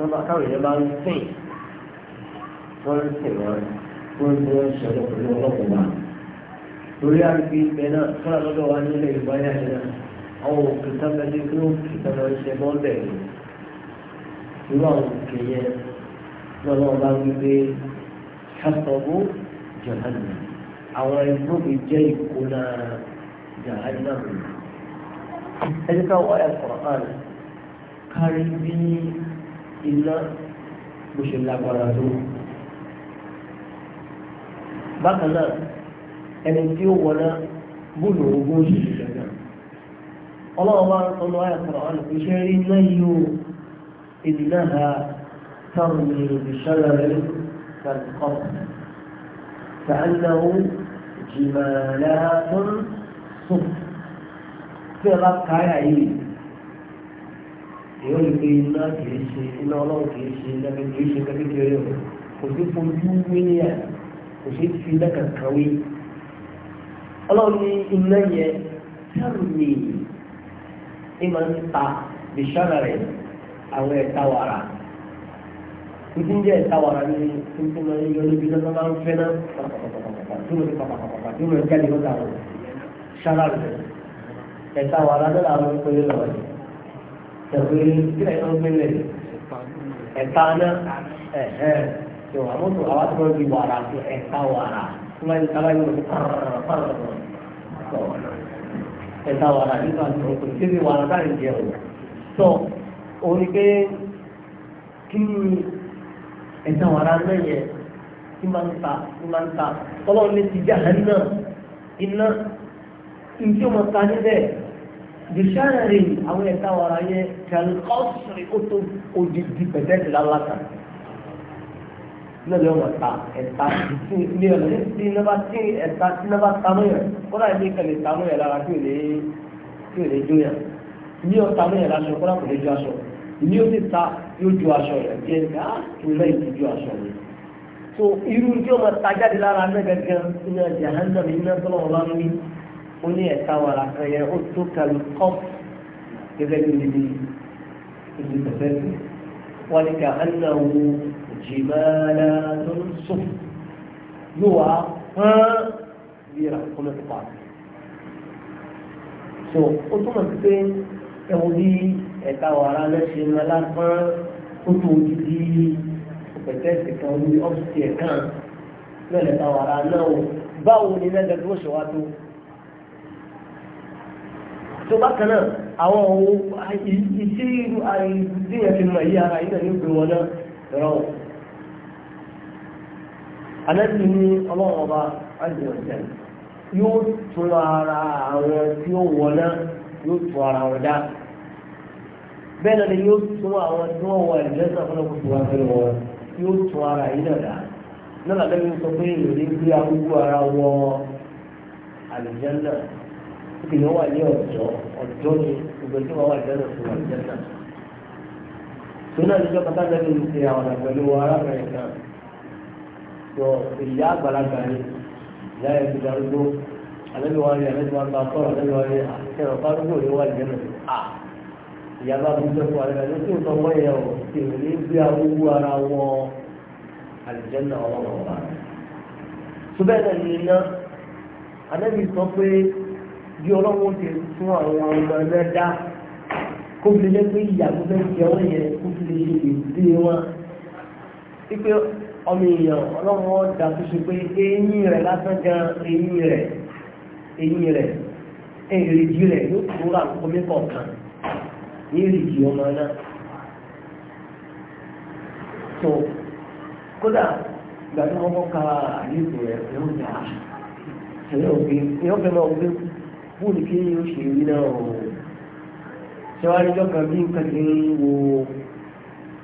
nọ́mbà káwọn èèyàn bá ń sìn wọ́n ń sìn wọ́n wọ́n ń wọ́n ń sọ̀rọ̀ pẹ̀lú ọlọ́pàá lórí àgbègbè ibẹ̀ náà fúnra lọ́dọ̀ wa nílẹ̀ ìbáyà náà àwọn òkè tábẹ́lẹ́ pé ó kì í tọ́lọ iṣẹ́ bọ́ọ̀lẹ̀ rẹ̀ irú àwọn òkè yẹn lọ́wọ́ bá ń gbé ṣàtọ̀bù jọ̀hánà àwọn ẹgbẹ́ mi jẹ́ ìkóná jọ̀hánà rẹ̀ ẹni ká wáyà kọ̀ọ̀kan kárí bíi. إلا بشر الله قراته بقى لا أن يعني يتيو ولا بلو وجوش الله أبارك قال له آية القرآن بشر ليو إنها ترمي بشلل كالقصر كأنه جمالات صفر في عيني èyàn lè pe iná kìí ṣe iná ọlọ́run kìí ṣe lẹ́gbẹ́ kìí ṣe kékeré o kò sí fojú wíníà kò sí fi lẹ́kàkàn wí. ọlọ́run ní iná yẹn tẹ́rù mi ní máa ń ta bìṣára rẹ̀ àwọn ẹ̀ta wàrà ojú ń jẹ́ ẹ̀ta wàrà ní tuntun máa ń yọ níbi náà máa ń fẹ́ náà pàpàpàpàpàpà tí mo ti pàpàpàpàpà tí mo ti jáde lọ́ta rẹ̀ ṣára rẹ̀ ẹ̀ta wàrà náà làwọn ń pè é lọ́wọ́ yìí tẹ̀wé kílẹ̀ tó gbélé ẹ̀ka náà ẹ̀hẹ́n tó àwọn tó àwọn tó di wàrà tó ẹ̀ka wàrà tó máa ń sábà yóò fi pàrọ̀ pàrọ̀ tó ẹ̀ka wàrà nípa tó kò sí ti wàrà táyì jẹ o tó o ní pé kí ni ẹ̀ka wàrà náà yẹ kí máa ń ta kí máa ń ta tọ́lọ́ ní ti jẹ́ àná iná ìdí ta níbẹ̀ bìsáàrin àwọn ẹ̀ka wàrà yẹn kẹlẹ́kọ́sìrì ó tó odidi pẹ̀tẹ́ẹ̀tì lálátà lọ́dọ̀ wọn ta ẹ̀ta ní ọ̀nà tí nọ́bà tí ẹ̀ta tí nọ́bà tamú yẹn kọ́lá ẹ̀mí kẹlẹ̀ tamú yẹn lára tí ò lè tí ò lè jó yẹn ní ọ̀ tamú yẹn láṣọ kọ́lá kò lè jó aṣọ ní ó ti ta yóò ju aṣọ yẹn bí ẹ̀ka tó lẹ́yìn tó ju aṣọ yẹn so irú tí ó ta jáde lára mẹ́gẹ̀gẹ́ ní ọjà hàn أني أتاورا أي أتوك القف إذا كنت بي إذن تفرق ولك أنه جمالة صف يوى ها بيرا قمنا تقعد سو أتوما تبين أولي أتاورا نشي ملاقا أتو جديد وبتاسك أولي أبسكي كان لن أتاورا نو باو لنا tó bákan náà àwọn ohun ìṣe ìdíyẹn ti mọ ìyá ara yìí náà ní ìpè wọn náà rọ alẹ́bí ní ọlọ́run ọba àjọyọ̀ yóò tún ara àwọn tí ó wọ̀ náà yóò tún ara wọn dá bẹ́ẹ̀ náà ni yóò tún àwọn tí wọ́n wọ ìdẹ́sẹ̀ fún ọkùnrin tó wà pẹ̀lú wọn yóò tún ara yìí náà dá náà lẹ́yìn sọ pé ìròyìn gbé arúgbó ara wọ àlùjẹ́ náà èèyàn wà ní ọ̀dọ́ ọ̀dọ́ ni gbogbo tí wọ́n wà jẹ́ lọ́sùn wà jẹ́ náà. sọ́nà níjọ́ kata lẹ́nu ń ṣe àwọn àgbẹ̀lú arábìnrin náà sọ ìyá àgbàlagbà ni ìyá ẹ̀ ti darúgbó alẹ́bí wa rí alẹ́bí wa gba sọ̀rọ̀ alẹ́bí wa rí àkẹ́rọ̀ fárúgbó ni wà jẹ́ náà. ìyá bá bú jẹ́ fún alẹ́bí wa ní tó wọ́n yẹ ọ̀ sì ní bí awúwú ara wọn bí ọlọ́wọ́ ti fún àwọn ọmọ ẹgbẹ́ dá kó fi lé pé ìyàwó fẹ́ jẹ wọ́n yẹn kó fi lè ṣe ìdí wọn. wípé ọmọ èèyàn ọlọ́wọ́ dà tó pé eyín rẹ̀ lásán gan eyín rẹ̀ eyín rẹ̀ èrìgì rẹ̀ yóò kúrò àkómi kọ̀ọ̀kan ní èrìgì ọmọ náà. tó kódà ìgbà tí wọ́n kọ́ ka àyè ìgbò rẹ̀ ló ń dà ẹ̀yọ́ òfin ìyọ́fẹ́ máa ń gbé kú fún ní kí yóò ṣe rí náà o ṣẹwárí lọ́kàn bí nǹkan ti ń wo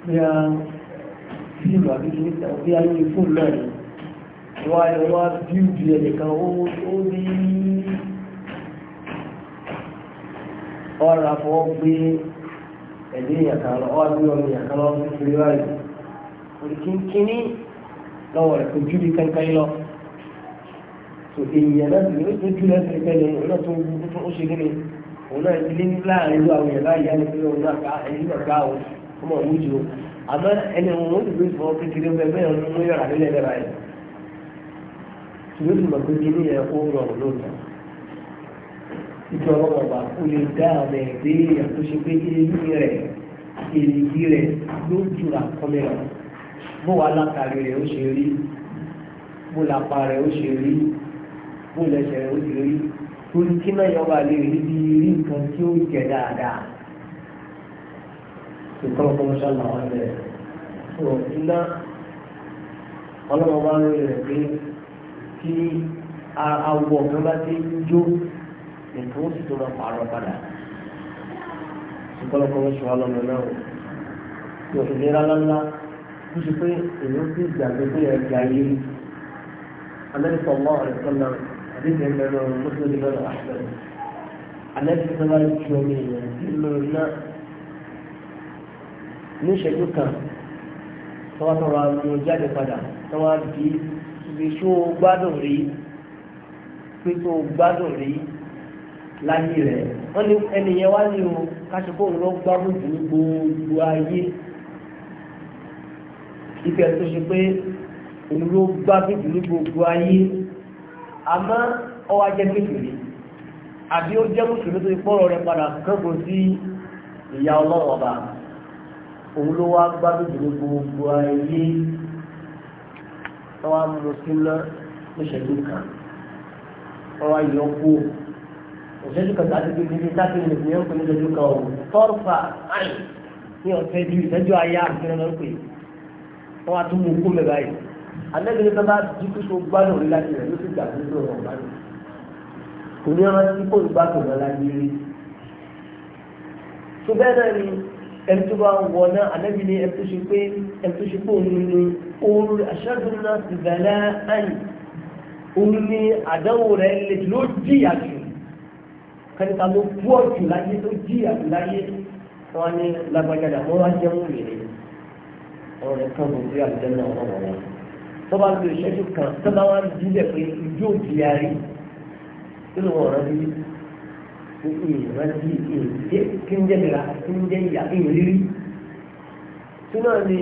bí a fíìmù àbí kí bí a lórí fóònù náà ni wá ẹ bí ó di ẹnìkan ó ní ọ̀rọ̀ àfọwọ́ pé ẹ̀dẹ́ ìyàkà lọ ọ̀rọ̀ bí ọmọ ìyàkà lọ tó èèyàn náà ti lóṣù jù náà ti tẹ́lẹ̀ òun náà tó ń tó ó ṣe kíni òun náà ti lé láàrin ìlú àwọn èèyàn báyìí á ní pé òun náà ká ẹni náà ká òun ọmọ òun jù àmọ́ ẹni òun ó sì fi fọ kékeré bẹ́ẹ̀ bẹ́ẹ̀ ọdún mú yọ̀rá nílẹ̀ lẹ́ra ẹ̀ ṣùgbọ́n ìgbà pé kíní yẹn ó rọrùn lóòótọ́ ìjọba ọba ó lè dá àmì ìbéèyàn tó ṣe pé eyín rẹ̀ èrìgì rẹ̀ ló jùlọ àkọlẹ̀ rẹ̀ bó wàá látàrí rẹ̀ ó ṣe rí bó lápá rẹ̀ ó ṣe rí bó lẹ́sẹ̀ rẹ̀ ó ti rí torí kí náà yọba lè rí bí rí nǹkan tí ó jẹ dáadáa ìkọ́ kọ́mọ́sá làwọn ẹ̀rẹ̀ tó iná ọlọ́mọba lórí rẹ̀ pé kí awọ kan bá ti ń jó nǹkan ó sì tó máa pààrọ̀ padà ìkọ́ kọ́mọ́sá ọlọ́mọ náà tó ìlera lọ́la tó ṣe pé èyí ó sì gbàgbé pé ẹ̀ka yìí amẹ́ríkà ọmọ ọ̀rẹ́ sọ́nà àdéhùn mẹ́nu mùsùlùmí mẹ́nu àṣẹ alẹ́sí sábà ju omi ìyẹn nínú iná ní ìṣẹ́jú kan tọ́wọ́ tọ́wọ́ ni o jáde padà tọ́wọ́ bí ibi tí o gbádùn rí pé tó o gbádùn rí láyé rẹ̀ wọ́n ní ẹnìyẹn wá ní o káṣíkò ń lọ gbádùn jù ní gbogbo ayé ìfẹ́ tó ṣe pé òun ló gbádùn jù àmọ́ ọwá jẹ́ kékeré àbí ó jẹ́ mùsùlùmí tó ìpọ́rọ̀ rẹ̀ padà kẹ́kọ̀ọ́ sí ìyá ọlọ́run ọba òun ló wá gbádùn ní gbogbo ayé ọwá mú síná níṣẹ́jú kan ọwá yọ kú òṣèlú kan tàbí bí níbi táàkì ní ìpínlẹ̀ ń pè ní ìṣẹ́jú mú kú mẹ́bàá yìí alẹ́gbẹ̀ẹ́ tó bá di kí o gbádùn rí láti rẹ̀ ló sì gbà nínú ọ̀rọ̀ gbádùn kò ní ọ̀rọ̀ tí kò gbádùn rẹ̀ láti rí tó bẹ́ẹ̀ náà ni ẹni tó bá wọ náà alẹ́gbẹ̀ẹ́ ni ẹni tó ṣe pé ẹni tó ṣe pé òun ni oorun aṣáájúmọ́ náà ti bẹ̀rẹ̀ àyè òun ni àdánwò rẹ̀ lè ló jìyà jù kẹ́nìkan ló bú ọ̀jù láyé tó jìyà jù láyé wọn ni lágbájá dà wọn wá jẹun rèé ọ̀rọ̀ rẹ̀ kàn ló bí àlùjẹ́ náà ọ̀rọ̀ wọn tó bá lo ìṣẹ́jú kan tó bá wá dílẹ̀ pé ojú òbí ayé nínú ọ̀rọ̀ bíi ìrántí ìrìnjẹ́ kí ń jẹ́ nira kí ń jẹ́ ìyá ìrírí. sínú ni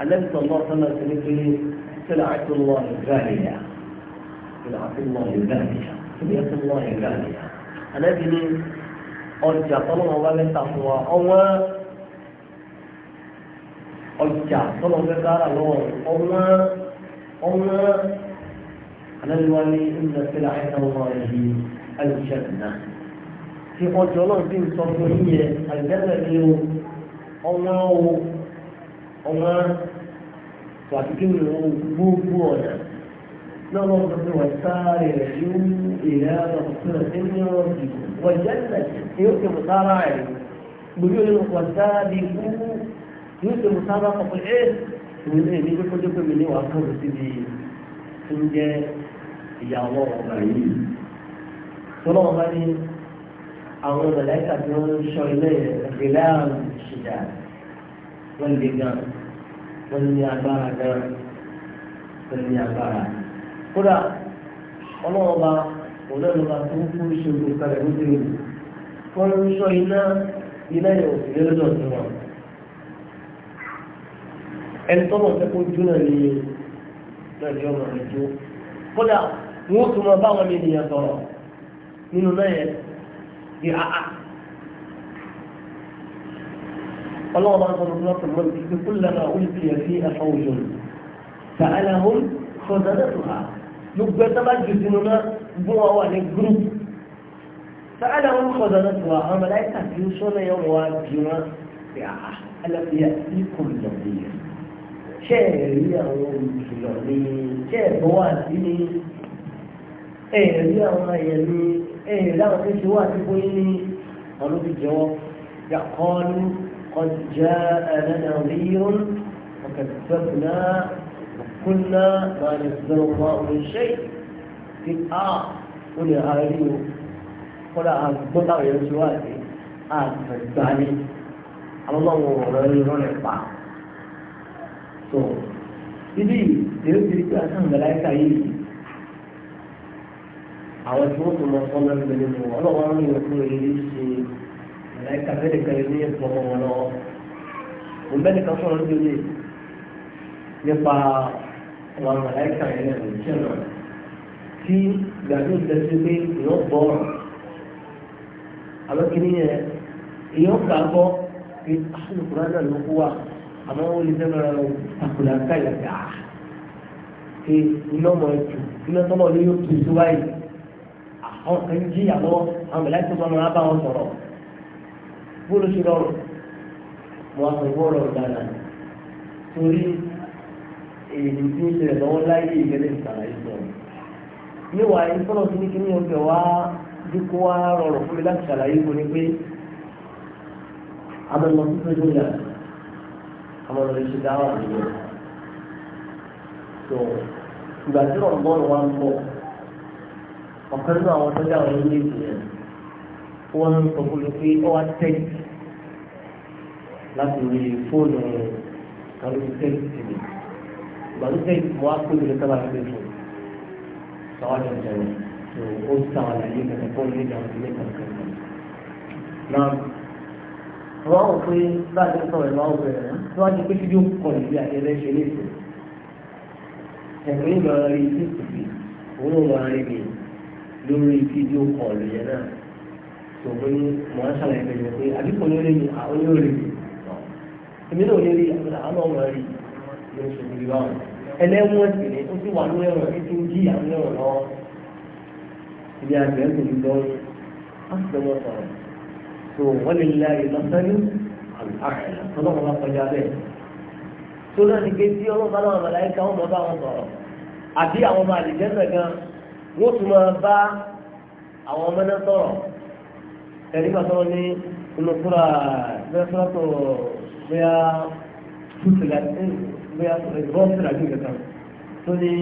alẹ́ sọ̀rọ̀ sọ́nà tó ní pé sílẹ̀ àtúnwọ̀ ìgbàlejò sílẹ̀ àtúnwọ̀ ìgbàlejò sílẹ̀ àtúnwọ̀ ìgbàlejò. alẹ́ bí ní ọjà tọ́lọ́wọ́ wá lẹ́ta fún wa ọwọ́ ọjà tọ́lọ́wọ́ fẹ́ sára lọ́wọ́ ọwọ́. أنا الولي إن سلاح الله الجنة في قوة الله دين صفرية الجنة ليو قولا قولا فاكتين مبوانا نظر بسوى إلى مغفرة الدنيا ilé ní pé kójú pé mi ní wàá kọ̀rọ̀ síbi tó ń jẹ́ ìyàwó ọ̀gá yìí. tọ́lọ́ ọba ní àwọn mọ̀lẹ́kà tí wọ́n ń sọ ilé ìgbélé àrùn ṣìdá wọ́n lè gan wọ́n ní agbára gan wọ́n ní agbára. kódà ọlọ́ọba olóòlùwà tó ń fún ìṣòro kalẹ̀ lóde òní wọ́n ń sọ iná iná yóò lọ́dọ̀ sí wọn ẹni tọ́nà tẹ́kọ̀ jú náà ní lọ́jọ́ ọmọ rẹ̀ jó kódà wọ́n tún máa báwọn ènìyàn sọ̀rọ̀ nínú náà yẹn di àá ọlọ́wọ́ bá ń sọ̀rọ̀ fún ọkùnrin mọ́lù kí kúlù lọ́nà ó ti yẹ sí ẹ̀fọ́ òjò ta aláhùn sọ̀dọ̀dọ̀ tó ha gbogbo ẹ̀ sábà jù sínú náà gbọ́n wa wà ní gúrúùpù ta aláhùn sọ̀dọ̀dọ̀ tó ha ọmọ láìka tí ó sọ́nà yẹn wọ́n á bí wọn bí àá alẹ́ fi ṣẹ́ẹ̀rí àwọn olùkìlọ̀ ni ṣẹ́ẹ̀bọ́ wà sí ni ẹ̀ẹ̀rí àwọn ayẹ̀ ni ẹ̀ẹ̀rí àwọn tó ṣe wà síbó yín ni ọ̀rọ̀ ti jẹ́wọ́ yàkọ́ọ́lù kọjá ẹ̀rẹ́nà rírun ọ̀kẹ́tẹ́bùnà kúnná máa ní sọ̀rọ̀ oníṣẹ́ ti a ó lè ara rí o kọ́lá àgbọ́tàwé ẹ̀rọ ṣe wà sí àgbẹ̀gbani àwọn ọmọ ọ̀rọ̀ ẹ̀rọ rẹ̀ tó ibi ìdèrè ti pé àtàwọn mẹláìkà yìí àwọn tí wọn tó lọ fọ lọ níbẹ̀ nínú ọlọ́wọ́ ní ìwọ̀n èyí ṣe mẹláìkà bẹ́ẹ̀ nìkan ní ẹ̀fọ́ ọmọ wọn lọ́wọ́ òun bẹ́ẹ̀ nìkan sọ̀rọ̀ ní ojú nípa àwọn mẹláìkà yẹn lẹ́nu iṣẹ́ náà tí gbàdúrà tẹ̀sí pé ìyọ́ bọ̀ àwọn kìnìyẹn ìyọ́ gbàgbọ́ pé àlùkùránà ah, ló kú wa àmọ́ wọ́n lè fẹ́ràn ọ̀rọ̀ àkùnà káyọ̀ pé à ah, ṣe iná mọ̀ ẹ̀jù iná sọ́mọ̀ ló yóò tu sí wáyé ah, àwọn kan ń jí àmọ́ àwọn mẹ̀lá tó bá wọn bá wọn sọ̀rọ̀ bóòlù ṣe rọrùn mo àpò ìwọ́rọ̀ ọ̀dàlà torí èyí tí ń ṣẹlẹ̀ lọ́wọ́ láyé ìgbẹ́lẹ̀ ìsàlàyé sọ̀rọ̀ níwà ìfọ́nà tí ní kí ní ọ̀fẹ́ wá dípò wá rọrùn fún mi láti ṣàlàyé kò ní pé àbẹ̀mọ̀ tó fẹ́ àwọn ọmọ ìṣe dáhà nìyẹn tó ìgbà tí wọn bọ́ọ̀lù wa ń bọ̀ ọ̀kan nínú àwọn tọ́jú àwọn ilé ìgbìyàn wọ́n ń sọ fún mi pé ó wá tẹ́ẹ̀tì láti rí fóònù kálukú tẹ́ẹ̀tì mi ìgbà tó tẹ́ẹ̀tì mo wá pé ìgbésẹ̀ bá ti dùn sọ́wọ́n jẹ́ jẹ́ tó ó sàwọn àlàyé kẹ̀kẹ́ fóònù nígbà tó lé kàkẹ́ náà wọ́n wò pé bá a sọ̀rọ̀ ìwà òwe rẹ̀ tí wọ́n ti pé fídíò kọ̀ níbi àtẹ̀lẹ́ ṣe léṣe ẹ̀mí ìmọ̀ rí títì òun ò máa rí mi lórí fídíò kọ̀ lóyè náà tó pé mọ̀ ń ṣàlàyé pẹ̀lú pé àdínkù ní orí mi àwọn yóò rí mi èmi náà ò ní rí àwọn ọmọ rí ló ń ṣe ìdílé báwọn ẹlẹ́wọ̀n sì ni ó sì wà ní ẹ̀wọ̀n ní ti ń jí àwọn ẹ̀wọ̀n lọ́wọ́ tó wọ́n lè la ìlọsẹ́lú ọlọ́run bá kọjá bẹ́ẹ̀. tó náà ní pé tí ọlọ́run bá láwọn màláíkà wọn mọ bá wọn sọ̀rọ̀ àbí àwọn ọmọ àdìjẹ́ mẹ́gan wọ́n tún máa bá àwọn ọmọ náà sọ̀rọ̀ ẹ̀rí máa sọ̀rọ̀ ní olùkúra bẹ́ẹ̀ tó bóyá tútùlá bóyá ìbọn fúlàjú kankan tó ní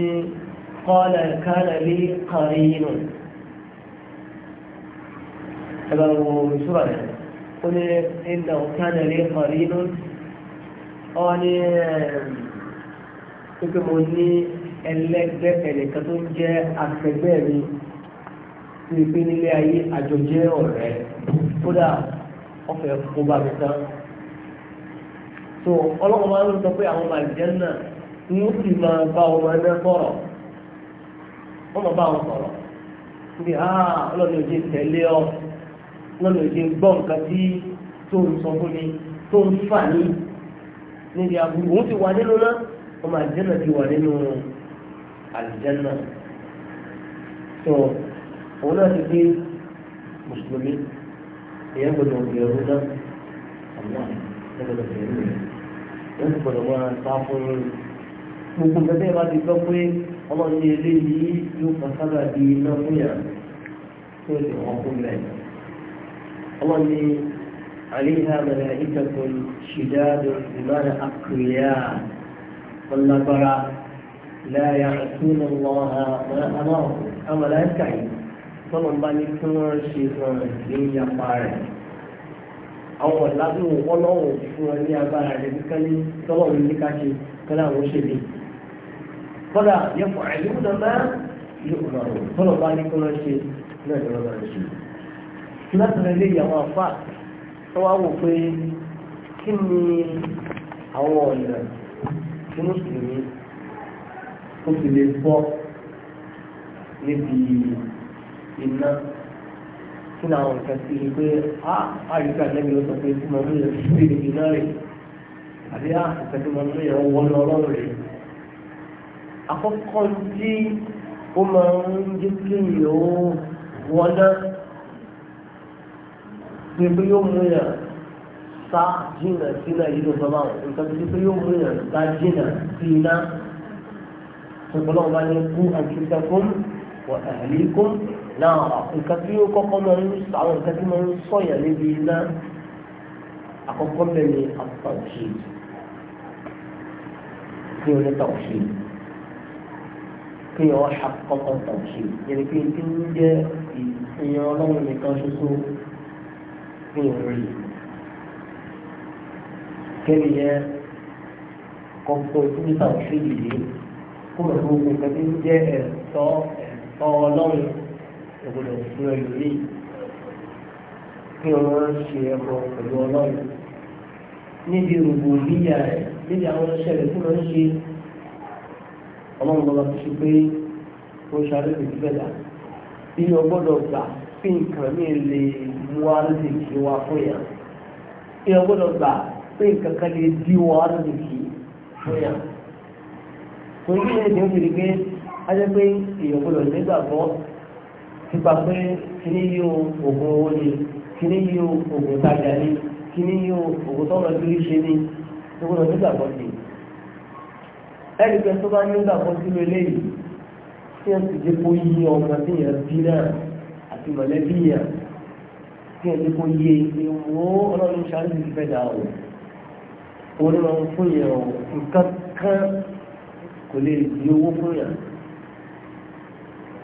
kọ́lá kálá lé kàrí yìí náà ẹ̀bá wo ìṣúra rẹ̀ ó ní ìlà òkànnà lè kọ̀rí inú ọ ní pípé mo ní ẹlẹ́gbẹ́ ẹnìkan tó ń jẹ́ akẹgbẹ́ mi tí o pé nílé ayé àjọjẹ́ ọ̀rẹ́ kódà ọ̀fẹ́ kó bá mi tán so ọlọ́run máa ń sọ pé àwọn màjẹ́n náà ń sì máa bá ọmọ ẹgbẹ́ ah ọlọ́run ò jẹ́ lọ́nà ìdí gbọ́ nǹkan tí tó ń sọ fún mi tó ń fà ní níbi àbúrò òun ti wà nínú náà ọmọ àlìjẹ́nà ti wà nínú àlìjẹ́nà tó òun náà ti pé mùsùlùmí èèyàn gbọdọ̀ bẹ̀rù náà àmọ́ ẹ gbọdọ̀ bẹ̀rù rẹ̀ ẹ gbọdọ̀ máa sá fún gbogbo nǹkan tẹ́ bá ti gbọ́ pé ọmọ ní eléyìí yóò fọ́ sábà di iná fún yàrá tó ti wọ́n kú lẹ́yìn wọ́n ní àríhà mẹ̀lẹ́kẹ́kọ̀ọ́ ṣìdáàdù ìmára àkùrẹ́yà ọ̀làbàrà láyà àtúnú lọ́ha àmọ́ àmàlẹ́kà yìí tọ́lọ̀ bá ní kí wọ́n ṣe fún ẹ̀ ní ìyapa rẹ̀ àwọn ọ̀làbí ọlọ́wọ̀ fún ẹ ní agbára rẹ̀ bí kálí tọ́lọ̀ ní ká ṣe kálí àwọn ṣèlè kọ́dà yẹ fún àìlú náà yóò rọrùn tọ́lọ̀ bá ní kí wọ́n ṣe náà ìrọ̀rùn ṣe látàrí ilé ìyàwó àfà tó wò pé kí ni àwọn ọ̀nà tí mùsùlùmí ó fi lè bọ́ níbi iná kí àwọn nǹkan sí pé a àyíká lẹ́yìn ló pé tí mo ń lè fi lè iná rè àbí a ìtẹ́jú mo ń lè yàn lọ lọ́rùn rè. àkọ́kọ́ tí ó máa ń jẹ́ kí èèyàn ó náà. pé pé yóò mú yàn sá jìnnà sínú èyí ló sọ́mọ́ nǹkan tó ti pé yóò mú yàn sá jìnnà sí iná ṣùgbọ́n náà bá ní kú àtúntàkùn wọ ẹ̀ẹ́líkùn náà nǹkan tí yóò kọ́kọ́ máa ń sọ àwọn nǹkan tí máa ń sọ̀yà níbi iná àkọ́kọ́ bẹ́ẹ̀ ni àtàwọ̀ṣe kí o ní tàwọ̀ṣe kí o wá ṣàkọ́kọ́ tàwọ̀ṣe yẹn ni pé kí ń jẹ́ ìyẹn ọlọ́run nìkan ṣoṣo. fi rí kẹ́lí yẹn kọ́kọ́ tó ní sàn yìí kó lọ fún gbogbo kẹ́lí jẹ́ ẹ̀tọ́ ẹ̀tọ́ ọlọ́run ìgbọ́dọ̀ fún ẹlòmíì kí wọ́n ṣe ẹ̀kọ́ pẹ̀lú ọlọ́run níbi rògbò níyà rẹ̀ níbi àwọn ṣẹlẹ̀ tí wọ́n ṣe ọlọ́run lọ́ba tó ṣe pé ó ṣe àdókòtì bẹ́ẹ̀ dà bí ọgbọ́dọ̀ gbà fi nǹkan mi lè mú arúgbìkì wá fún yàn èèyàn gbọ́dọ̀ gbà pé nǹkan kan lè dí wọ arúgbìkì fún yàn torí kí ẹ̀jẹ̀ ń fi rí pé pé èèyàn gbọ́dọ̀ nígbàgbọ́ nípa pé kíní yóò oògùn owó ni kíní yóò oògùn tajà ni kíní yóò oògùn tọ́lọ̀ tó ṣe ni gbọ́dọ̀ nígbàgbọ́ sí ẹnì kan tó bá nígbàgbọ́ sí lóye tí wọ́n ti jẹ́ kó yí ọmọ tí yẹn bí náà àti mọ̀lẹ́bí yẹn kí ẹ ní kó yé ìwọ ọlọ́run ṣáájú ti fẹ́ dà o òun ló ń fún yẹn o nǹkan kan kò lè di owó fún yẹn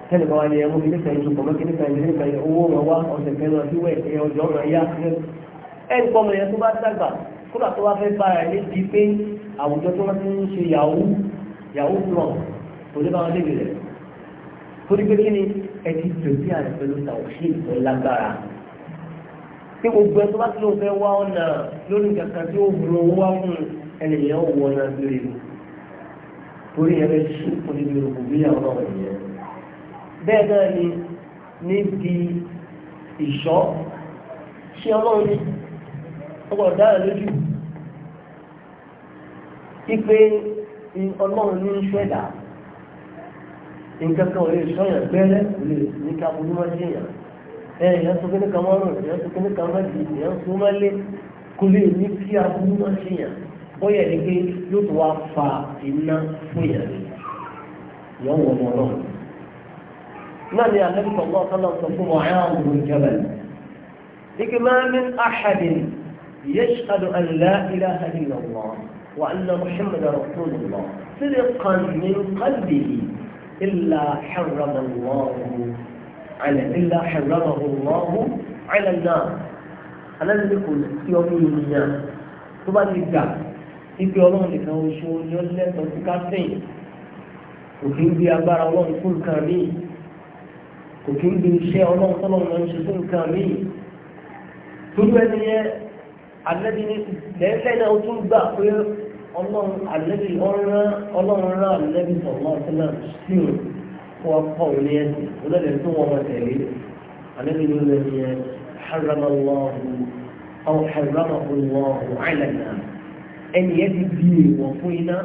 tẹ́lẹ̀ bá wà ní ẹmú kíníkà ìlú kọ̀mọ́ kíníkà ìlú kíníkà ìlú owó ọmọ wa ọ̀sẹ̀ kẹrin ọdún wẹ̀ ẹ̀yẹ ọjọ́ ọmọ ẹ̀yà ẹnì kọ́mọ yẹn tó bá dàgbà kódà tó bá fẹ́ bára ẹ̀ níbi pé àwùjọ tó wọ́n ti ń ṣe yahoo yahoo blog kò lè bá wọn débi rẹ̀ torí pé kí ẹ ti tòbí àrẹ pẹ̀lú tàwọ̀ṣì tó lágbára tí gbogbo ẹ tó bá ti lóun fẹ́ wá ọ̀nà lórí kankan tí ó mú owó wá fún ẹnìyàn wọ ọ̀nà lórí mi torí ẹ bẹ ṣí òní ní orúkọ bí àwọn ọmọ ìyẹn bẹ́ẹ̀ náà ni níbi ìṣọ́ ṣé ọlọ́run ní ọgbọ̀n dára lójú ipe ọlọ́run ní ń ṣẹ̀dá. إن كان كان غير شيء بلا إن كان بدو ما شيء إيه يا سكان كمان يا سكان كمان دي يا سوما اللي كل اللي في عبدو ما شيء هو يعني كي يتوافى إنا فيا يوم ومرام نعم ما لي النبي صلى الله عليه وسلم عامر الجبل لك ما من أحد يشهد أن لا إله إلا الله وأن محمد رسول الله صدقا من قلبه إلا حرم الله على إلا حرمه الله على النار aláàbí kò sí ọmọ ènìyàn tó bá ti gbà ibi ọlọ́run nìkan oṣù ni ó lẹ́tọ̀ọ́ sí káfíìn kò kí ń gbé agbára ọlọ́run fún nǹkan míì kò kí ń gbé iṣẹ́ ọlọ́run tọ́lọ́run máa ń ṣe fún nǹkan míì tójú ẹni yẹn alẹ́bí ní lẹ́ẹ̀lẹ́ náà ó tún gbà pé ọlọ́run àlẹ́bí ọ̀rán ọlọ́run rán àlẹ́bí sọ̀rọ̀ ọ̀sẹ̀lá sí o kó wa kọ́ òun ní ẹ̀sìn olóòlẹ̀ tó wọn wọn tẹ̀lé àlẹ́bí ló lè ní ẹ haramallahu aw haramallahu alana ẹni yẹn ti di èèwọ̀ fún iná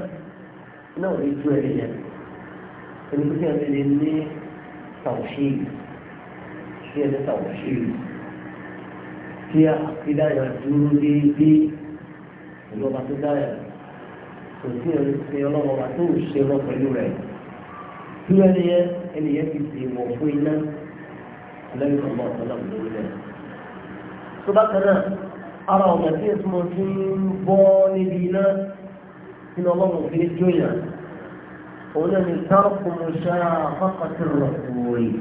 náà ní ju ẹ̀rí yẹn ẹni tó kí ẹ ní tawhid kí ẹ ní tawhid kí àkídá yẹn kò sí ẹni tí ọlọ́wọ́ wa tó ń ṣe lọ pẹ̀lú rẹ̀ tí ẹni yẹn ẹni yẹn ti di ìwọ̀ fún iná lẹ́yìn ọmọ ọ̀sán lórí rẹ̀. tó bá kan náà ara ọ̀nà tí èso mo ti ń bọ́ níbi iná nínú ọlọ́run fi jóyà òun náà ni táàkùn ṣá afákàtì rẹ̀ wòye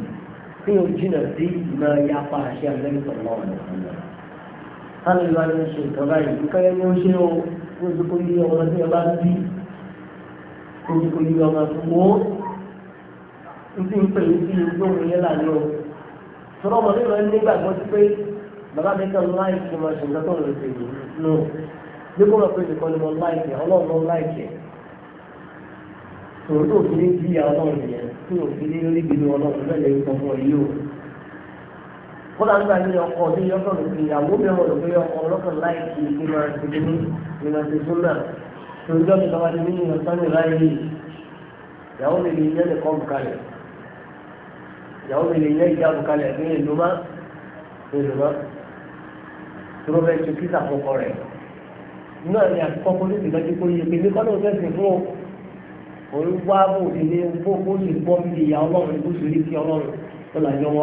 tí o jìnà sí ìmọ̀ ẹ̀yà apá àṣẹ àlẹ́ ìtọ̀lọ́ ọ̀nà kan náà lójú kó yí ọmọ tí ọba bí lójú kó yí ọmọ tó wó n ti ń pè é sí lóhùn yẹn lànà o sọ̀rọ̀ ọmọdé rẹ̀ nígbàgbọ́ sí pé bàbá mi kan láìsí máa ṣe nǹkan tó lè ṣe yìí nù bí kò máa pè é kọ́ni mọ́ láìsí ọlọ́run lọ́ láìsí tòótọ́ òfin ní bí àwọn ọ̀rọ̀ tí òfin ní rí bínú ọlọ́run lẹ́yìn ìfọ̀fọ̀ yìí o kódà nígbà yìí ọkọ ní yọkọ lè fi ìyàwó mi ọmọ lòpé ọkọ ọlọ́kàn láì fi ìgbé máa ti dé ní ìmọ̀ ti fún náà torí ọjọ́ ìjọba ti ní ìyàn sánmi láì rí ìyàwó mi lè yẹ nìkan bùkalẹ̀ ìyàwó mi lè yẹ ìyá bùkalẹ̀ ní ìlú má ìlú má tó ló fẹ́ rẹ̀ náà ni àkọ́kọ́ kó ní ìdájú kó yẹ kéde kọ́ ló fẹ́ sìn fún o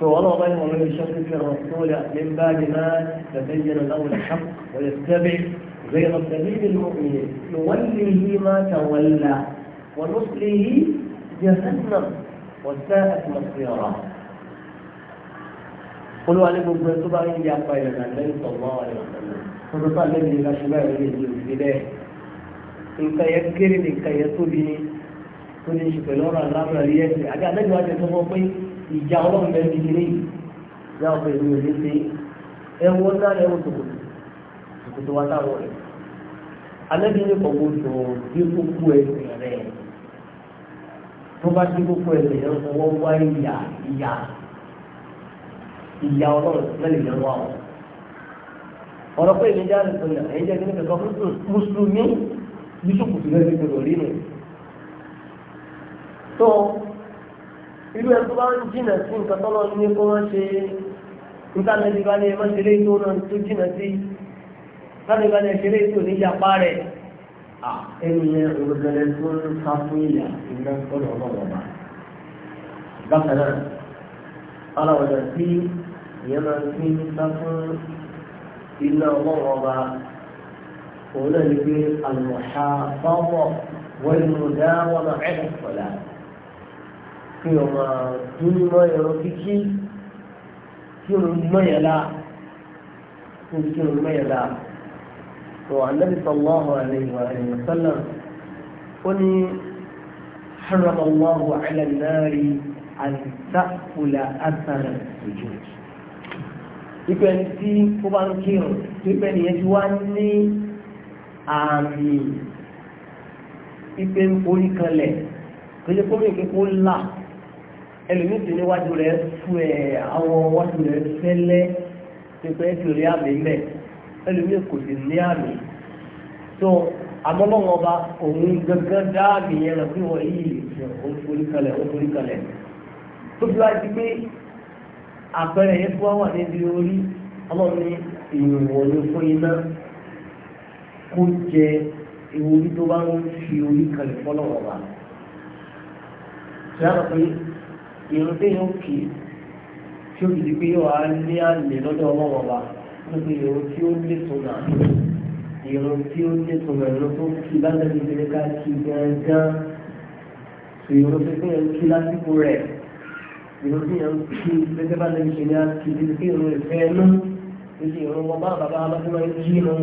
فوالله بينهم ومن يشكك الرسول من بعد ما تبين له الحق ويتبع غير سبيل المؤمنين نوليه ما تولى ونصليه جهنم وساءت مصيره قلوا عليكم بن يا قائل عقائد النبي صلى الله عليه وسلم خصوصا لي لا شباب في البدايه ان yẹn kéré كل شيء في ni tó ní ṣe pẹ̀lú ọ̀rọ̀ ìjà ọlọ́run bẹ́ẹ̀ ti kéré yìí yá ọ̀pẹ ìlú èlé ṣe ẹwọ náà ẹwọ tòkòtò tòkòtò wa táwọn rẹ̀ alẹ́bí ní kọ̀ gbọ́dọ̀ dé kókó ẹsẹ̀ rẹ̀ tó bá dé kókó ẹsẹ̀ rẹ̀ fọwọ́ wá ìyà ìyà ìyà ọlọ́run mẹ́lẹ̀ yẹn wà ọ̀rọ̀ pé ìlú jáde tó yà ẹ̀jẹ̀ kí ní kẹ̀kọ́ irú ẹ̀ tó bá ń jìnà sí nǹkan tọ́lọ́ ní kó wọ́n ṣe nǹkan lẹ́bi bá ní ẹ máa ṣeré tó náà tó jìnà sí láti bá ní ṣeré tó ní yapa rẹ̀ ẹni yẹn olùbẹ̀rẹ̀ tó ń sá fún ìyà iná tọ́lọ̀ ọlọ́wọ́ bá bákan náà ara ọ̀dà tí ìyẹn máa fi ń sá fún iná ọlọ́wọ́ bá òun náà ní pé àlùmọ̀ṣá fọ́mọ̀ wọ́n ìmúdá wọn máa ẹ̀ kí ọmọ dúró mọ́ ẹ̀rọ kíkí kí o mọ́ yẹn la kí o mọ́ yẹn la tó anabi sallallahu alayhi wa sallam ó ní حرم الله على النار أن تأكل أثر السجود ìpè ní tí ó bá ń kírun ìpè nìyẹn ti wá ní àmì ìpè orí kanlẹ̀ kò yẹ kó mi kí ẹlòmíì sì níwájú rẹ̀ fún ẹ̀ àwọn wájú rẹ̀ fẹ́lẹ́ pípẹ́ ìtòrí àmì mẹ́ ẹlòmíì kò sì ní àmì tó àmọ́lọ́wọ́ ọba òun gángan dá àmì yẹn lọ sí wọ́n yìí ó forí kalẹ̀ ó forí kalẹ̀ tó fi wá sí pé àpẹẹrẹ yẹn fún wa wà níbi orí ọlọ́run ní ìwọ̀n ló fún iná kó jẹ ìwòrí tó bá ń fi orí kalẹ̀ fọ́lọ́wọ́ ọba. Ṣé àpẹẹrẹ ìrún tí yóò kì í tí ó di pé wà á ní àlè lọ́dọ̀ ọmọ bàbá nípa ìrún tí ó lè tó nà ìrún tí ó lè tó nà ìrún tó kì í láti ẹni tẹ́lẹ̀ ká kí gángan ìrún tó kí yẹn kí lásìkò rẹ̀ ìrún tí yẹn kí gẹ́gẹ́ bá lẹ́yìn ṣe ní àti ìdí pé ìrún ìfẹ́ ẹnu ìdí ìrún wọn bá bàbá bá tó máa ń kí inú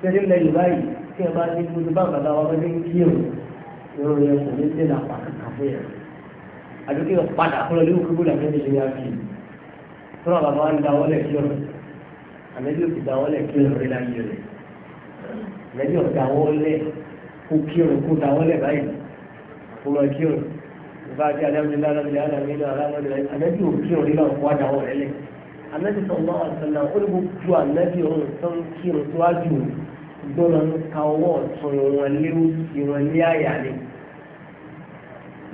tẹ́lẹ̀ lẹ́yìn báyìí tí ẹ bá ní gbogbo bá bàbá wa bá ń kí ìrún ìrún yẹn kò ní àti kí wọ́n padà kúrò ní òkúrú làbẹ́ ti lè fi kúrò bàbá wa ń da wọlé kí ọ̀rọ̀ àlejò ti da wọlé kí ọ̀rọ̀ rẹ̀ láyé rẹ̀ àlejò da wọlé kó kí ọ̀rọ̀ kó da wọlé báyìí kó lọ kí ọ̀rọ̀ bá ti alámìlá alámìlá alámìlá alámìlá àlejò kí ọ̀rọ̀ nígbà wọ́n da wọlé lẹ̀ àlejò tó ń bá wà sọ́nà ó ní gbogbo àlejò ọ̀rọ̀ tó ń kí ọ̀rọ̀ tó wájú gbọ́dọ̀ ń ka ọwọ́ ọ̀tún ìwọ̀n lé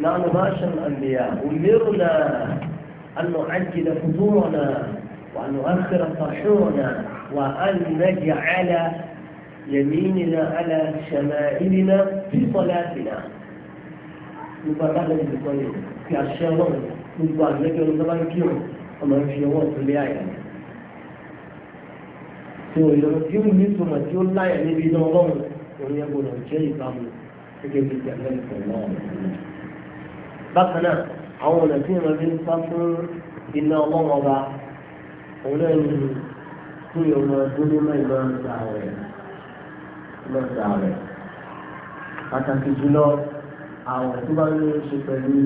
نحن نباشر الأنبياء أمرنا أن نعجل فطورنا وأن نؤخر سحورنا وأن نجعل يميننا على شمائلنا في صلاتنا نبقى في الشهوات نبقى نجعل الله كيوم أما في الشهوات اللي يعني tí ó yọ tí ó ní túmọ̀ tí ó láyà níbi iná ọlọ́run òun bákan náà àwọn ọ̀nà tí ìran fi ń sá fún iná ọlọ́wọ́ ọba òun náà ní kí ọmọ dúró náà ìmọ̀ ìgbà rẹ̀ ìmọ̀ ìgbà rẹ̀ pàtàkì jùlọ àwọn tó bá ní ṣe pẹ̀lú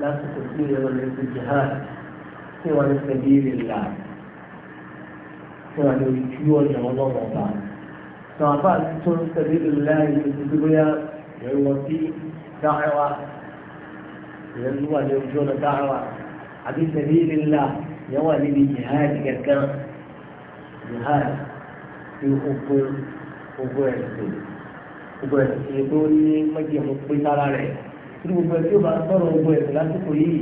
lásìkò tí ìran lè fi jihad tí wọ́n ń sẹ́bí rẹ̀ là tí wọ́n lè ju ọ̀nà ọlọ́wọ́ ọba tí wọ́n tó ń sẹ́bí rẹ̀ láì ìdúgbò yá ìrọ̀lọ́sí dáhẹ́wàá ìyẹn ló wà ní ojú ọ̀nà dáhàwà àbí sabilillah ìyẹn wà níbi jihad kankan jihad ti ogun ogun ẹ̀sìn ogun ẹ̀sìn tó ní mọ́jẹ̀mú pé sára rẹ̀ tí gbogbo ẹ̀ tí ó bá sọ̀rọ̀ ogun ẹ̀sìn lásìkò yìí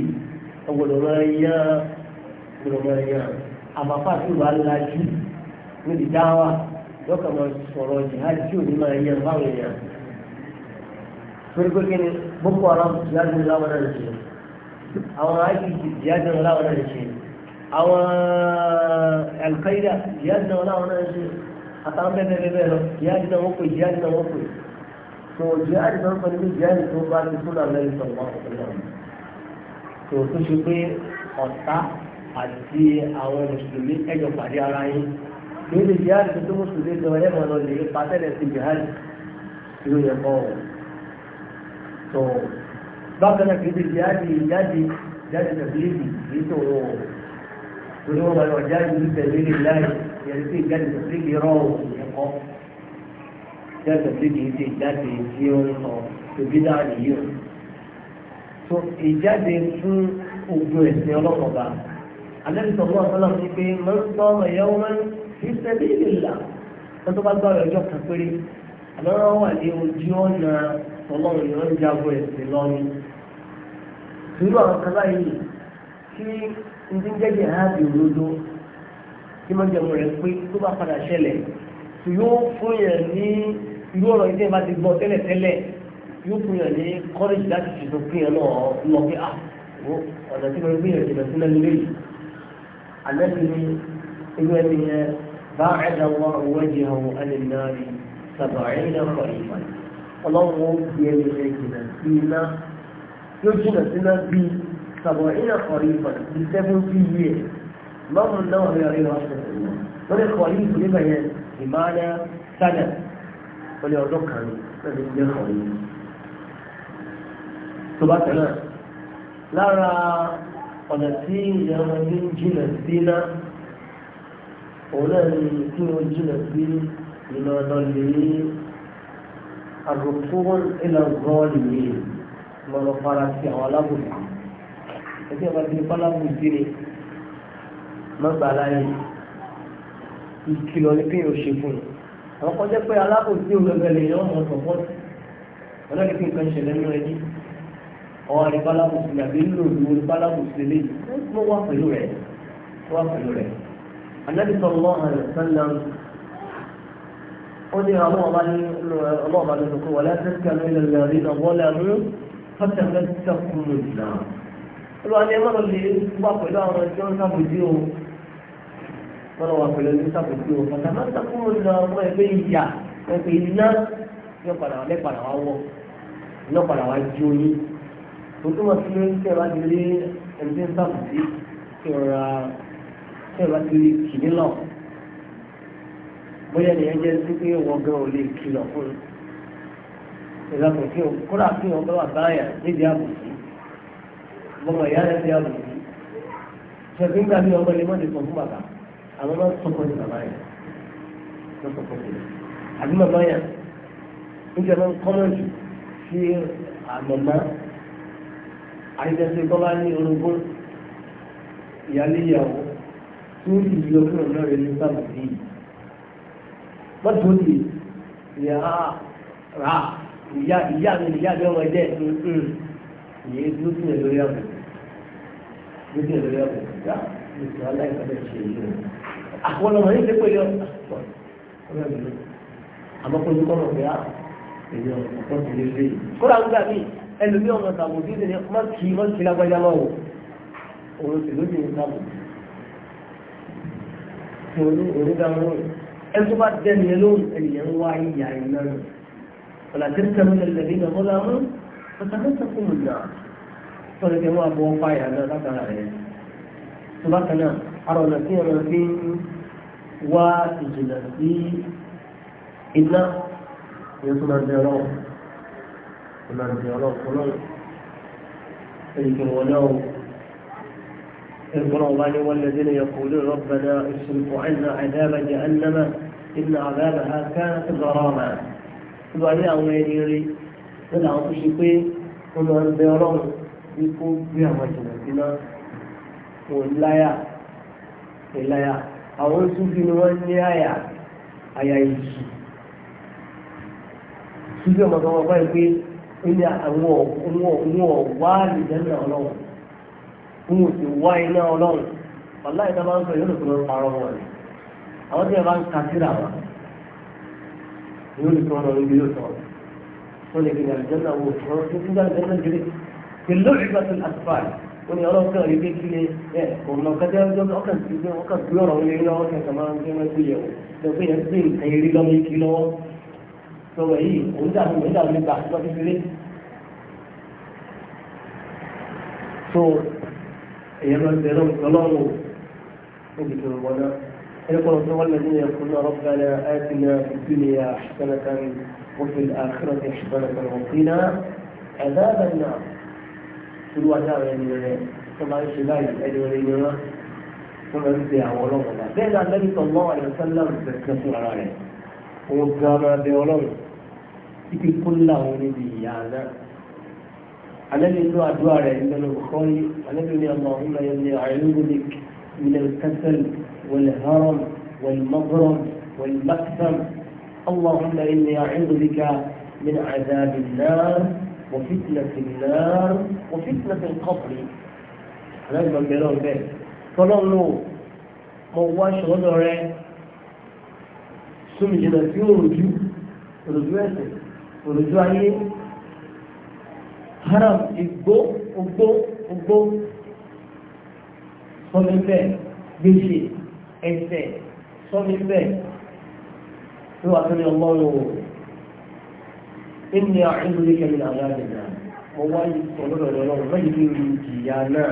ọgbọ̀dọ̀ máa yán ọgbọ̀dọ̀ máa yán àmàfà tí wàá lajú níbi dáhàwà lọ́kàn máa sọ̀rọ̀ jihad tí ò ní máa yán boko haram jihadi láwọn náà ṣe àwọn aiki jihadi láwọn náà ṣe àwọn alkaida jihadi láwọn náà ṣe àtàwọn bẹ́ẹ̀ bẹ́ẹ̀ bẹ́ẹ̀ lọ jihadi náà wọ́n pè jihadi náà wọ́n pè tó jihadi náà pẹ̀lú bí jihadi tó bá ti fún àwọn ẹ̀rí sọ̀rọ̀ wọn pẹ̀lú àwọn tó tó ṣe pé ọ̀tá àti àwọn mùsùlùmí ẹ̀jọ̀ pàdé ara yín kí jihadi tó tó mùsùlùmí lọ ẹ̀mọ́ lọ lè pàtẹ́lẹ̀ sí jihadi tí yẹ kọ́ wọn. So, bákan náà kì í ṣe jáde jáde jáde tẹ̀sílẹ́sì kì í ṣòro torí wọn báyọ̀ jáde ní tẹ̀sílẹ́sì láì yẹn sí jáde tẹ̀sílẹ́sì rọ̀ ẹ̀kọ́ jáde tẹ̀sílẹ́sì kì í ṣe jáde tí ó ń sọ tòbí náà nìyí o tó ìjáde fún ogun ẹ̀sìn ọlọ́mọba alẹ́ sọ̀rọ̀ ọ̀sán ní pé mọ́tò ẹ̀yọ́ wọn fi sẹ́bí wọn tó bá gbọ́ ọ̀rọ̀ ọjọ́ kan péré àlọ́ wà ọlọ́run yìí wọ́n ń jago ẹ̀sìn lọ́ni. Sùúrù àwọn kan báyìí tí n ti ń jẹ́ jihadi òdodo tí wọ́n jẹ́ ọmọ rẹ̀ pé tó bá padà ṣẹlẹ̀ tó yóò fún yẹn ní irú ọ̀rọ̀ ilé ìbá ti gbọ́ tẹ́lẹ̀tẹ́lẹ̀ yóò fún yẹn ní kọ́lẹ́jì láti ṣètò fún yẹn náà lọ pé à ah, ọ̀nà tí mo gbé yẹn ṣètò sílẹ̀ lórí yìí. Àlẹ́ ni irú ẹni yẹn bá ẹ̀dá wọn òwò ẹ̀jẹ̀ ẹni náà ní sàbàáyé náà ọlọ́run ó di ẹni rẹ̀ jìnà sí iná yóò jìnà sí iná bí sàbọ̀ iná kọ̀rí ìbọn bí seventy years mọ́mù náà rẹ̀ rí wọn sọ̀rọ̀ lórí kọ̀rí ìbọn níbẹ̀ yẹn ìmáàlá sádà wọ́n lé ọdún kan lórí ilé kọ̀rí. tó bá tẹ̀lé lára ọ̀nà tí ìyàwó ní jìnà sí iná òun náà ní kí wọ́n jìnà sí iná lọ́lẹ́ الركون إلى الظالمين lọ́rọ̀ fara sí àwọn alábòsí ẹgbẹ́ ọba tí ní pálábù ìdíre mọ́gbà láyé ìkìlọ̀ ní pé yóò ṣe fún un àwọn kan jẹ́ pé alábòsí ògbẹ́gbẹ́lẹ̀ yóò mọ̀ sọ́pọ́tì wọn lọ́dún pé nǹkan ṣẹlẹ̀ nínú ẹni ọwọ́ àrí pálábù sílẹ̀ àbí nínú òdùnú ní pálábù sílẹ̀ wọ́n wà pẹ̀lú rẹ̀ wà pẹ̀lú rẹ̀ anábìsọ̀ lọ́hàn قل يا الله عليكم ولا تركنوا إلى الذين ظلموا فتمسكم النار Olúwa ni ẹmọ́ lè wà pẹ̀lú àwọn ẹjọ́ sábòjú o. Wọ́n wà pẹ̀lú ẹjọ́ sábòjú o. Bàtà máa ń sàkúrò lọ ọmọ ẹgbẹ́ ìyà ẹgbẹ́ iná yóò padà wà lẹ́pàdà wá wọ̀. Iná padà wá jí oyin. Mo túmọ̀ sí ní kí ti rí ẹgbẹ́ sábòjú kí ẹ bá ti rí kìnìún bóyá ni jẹ́ sí pé wọ́n gan ò lè kìlọ̀ fún un ìlànà kí o kóra kí o bá báyà níbi àbùsí bọ́mọ ìyá rẹ̀ ti àbùsí ṣẹ̀fín gbà bí ọmọ ilé-ìwọ̀n ti sọ fún bàbá àwọn máa ń sọkọ ní bàbá yẹn ló sọkọ sí i àbí bàbá yẹn níbi àwọn kọ́mọ̀jù sí àmọ̀mọ́ àyẹ̀dẹ́sẹ̀ kọ́lá ní orogún ìyálé ìyàwó tí ó sì yọ fún ọ̀nà rẹ̀ ní sábà sí wọ́n tó di ìyá ah, ra ìyá ìyá mi ìyá mi ọmọ ẹ̀jẹ̀ mm, mm. ìyẹ́ dúró sí ẹ̀ lórí ọ̀gbìn dúró sí ẹ̀ lórí ọ̀gbìn ìyá ìṣòro aláìsọ̀rọ̀ ṣe èyí o. àwọn ọmọ yìí ṣe pé yọ àmọ́ kó lóko ah, ọmọ pé á èyí ọ̀pọ̀ tó lè lé yìí. kóra ń gbà mí ẹlòmí ọmọ tàbí òbí ìdílé má kì í má kì í lágbájá máa wò òun sì lóde ní tàbí. òun ní òun dáhùn انتم بعد دانيالون اللي هو عيني عيني فلا ترسلوا ظلموا فتغسقوا النار فلك هو ابو وفاي يعني هذا ذاك عليه سبقنا عرونا في عرونا وسجل في إلا يصنع ديالوه يصنع ديالوه كلهم يكونوا يقولون والذين يقولون ربنا اصرف عنا عذاب جهنم إن عذابها كانت غراما وبعدين أقول لي لي ولا أقول شيء كي هم بيرون يكون بيها ما جنبنا ولا يا ولا يا أقول سوفي نوان يا يا أيا يجي سوفي ما كان وقاي كي إني أمو أمو أمو والي جنة ألون أمو سوى إنا ألون والله إذا ما أنت يلقى من القارون àwọn tí ẹ ń ka síra wa ni ó lè tọ́ ọ̀nà ibi yóò tọ́ ó lè gbìyànjú jẹ́nà wo ọ̀rọ̀ tó ti dáná jẹ́nà jẹ́nà pẹ̀lú ìgbà tó asfal ó ní ọlọ́run kan ìgbé kílé ẹ ọ̀nà kẹjẹ ọjọ́ ọkàn ti gbé ọkàn gbé ọ̀rọ̀ ilé lọ́wọ́ kẹkẹ máa ń gbé wọn gbé yẹ̀wò tó gbé yẹn gbé nǹkan eré lọ́wọ́ ikí lọ́wọ́ sọ̀rọ̀ yìí òun dàbí òun dàbí nígbà tó ti fi so èèyàn lọ sí ẹlọ́run ọlọ́run ò níbi tó ń wọlé يقول هو الذين يقولون ربنا آتنا في الدنيا حسنة وفي الآخرة حسنة وقنا عذاب النار في الوهاب يعني طبعا الشباب الأولين ثم يبدع ولغنا بعد عن النبي صلى الله عليه وسلم تكفر يعني. عليه وقام بولغنا في كل ولدي يعني على يدعو أدواره عند البخاري الذي اللهم إني أعوذ بك من الكسل والهرم والمغرم والمكتم اللهم إني أعوذ بك من عذاب النار وفتنة النار وفتنة القبر لازم بلون به فلون له مواش غدره سمي جنسي ورجو رجو أسر ورجو أيه haram igbó ogbó ogbó sọmi ẹsẹ̀ sọ́mi bẹ́ẹ̀ ló wà sórí ọmọ rẹ̀ wò ẹni àwọn ìlú kẹ́mi náà yára dèjà mo wá ìsọ̀rọ̀ rẹ̀ lọ́wọ́ mẹ́jì kí n rí ìjìyà náà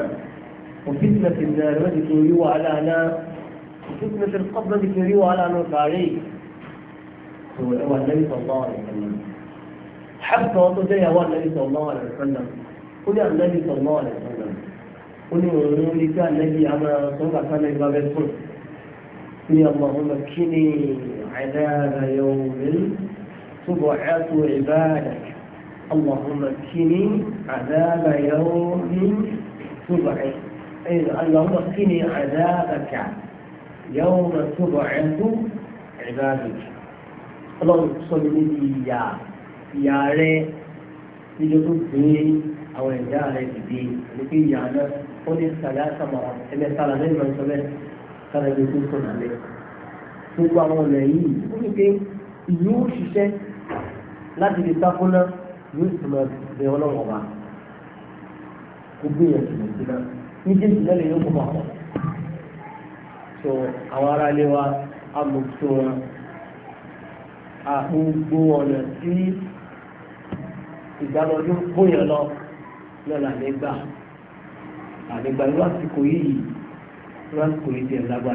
òfin ti mẹ́sì náà mẹ́jì kí rí wàhálà náà òfin ti mẹ́sì kọ́ mẹ́jì kí rí wàhálà náà sàárè tó ẹwà lẹ́yìn sọ̀rọ̀ rẹ̀ kẹ́mi. حتى وتجي هو النبي صلى الله عليه وسلم قل النبي صلى الله عليه وسلم قل ونولك الذي عمل صلى الله عليه وسلم يا اللهم اكني عذاب يوم تبعث عبادك اللهم اكني عذاب يوم تبعث اي اللهم اكني عذابك يوم تبعث عبادك اللهم صل لي يا يا لي يجب بي أو إذا ري بي لكي يعني قل الثلاثة مرات إن الثلاثين من ثلاثة sára ibi tó ń sọ̀rọ̀ alẹ́ gbogbo àwọn ọ̀nà yìí ó ní pé ìlú ó ṣiṣẹ́ láti lè sá fún náà yóò sì máa bẹ ọlọ́wọ́ wa kó gbìyànjú lọ sí náà méjèèjì náà lè yọ kó máa pọ̀ so àwọn ará ilé wa amòfin wọn àgbogbo ọ̀nà tí ìdánilójú bóyá lọ lọ́la nígbà ànígbà irú àsìkò yìí. Quran kò ní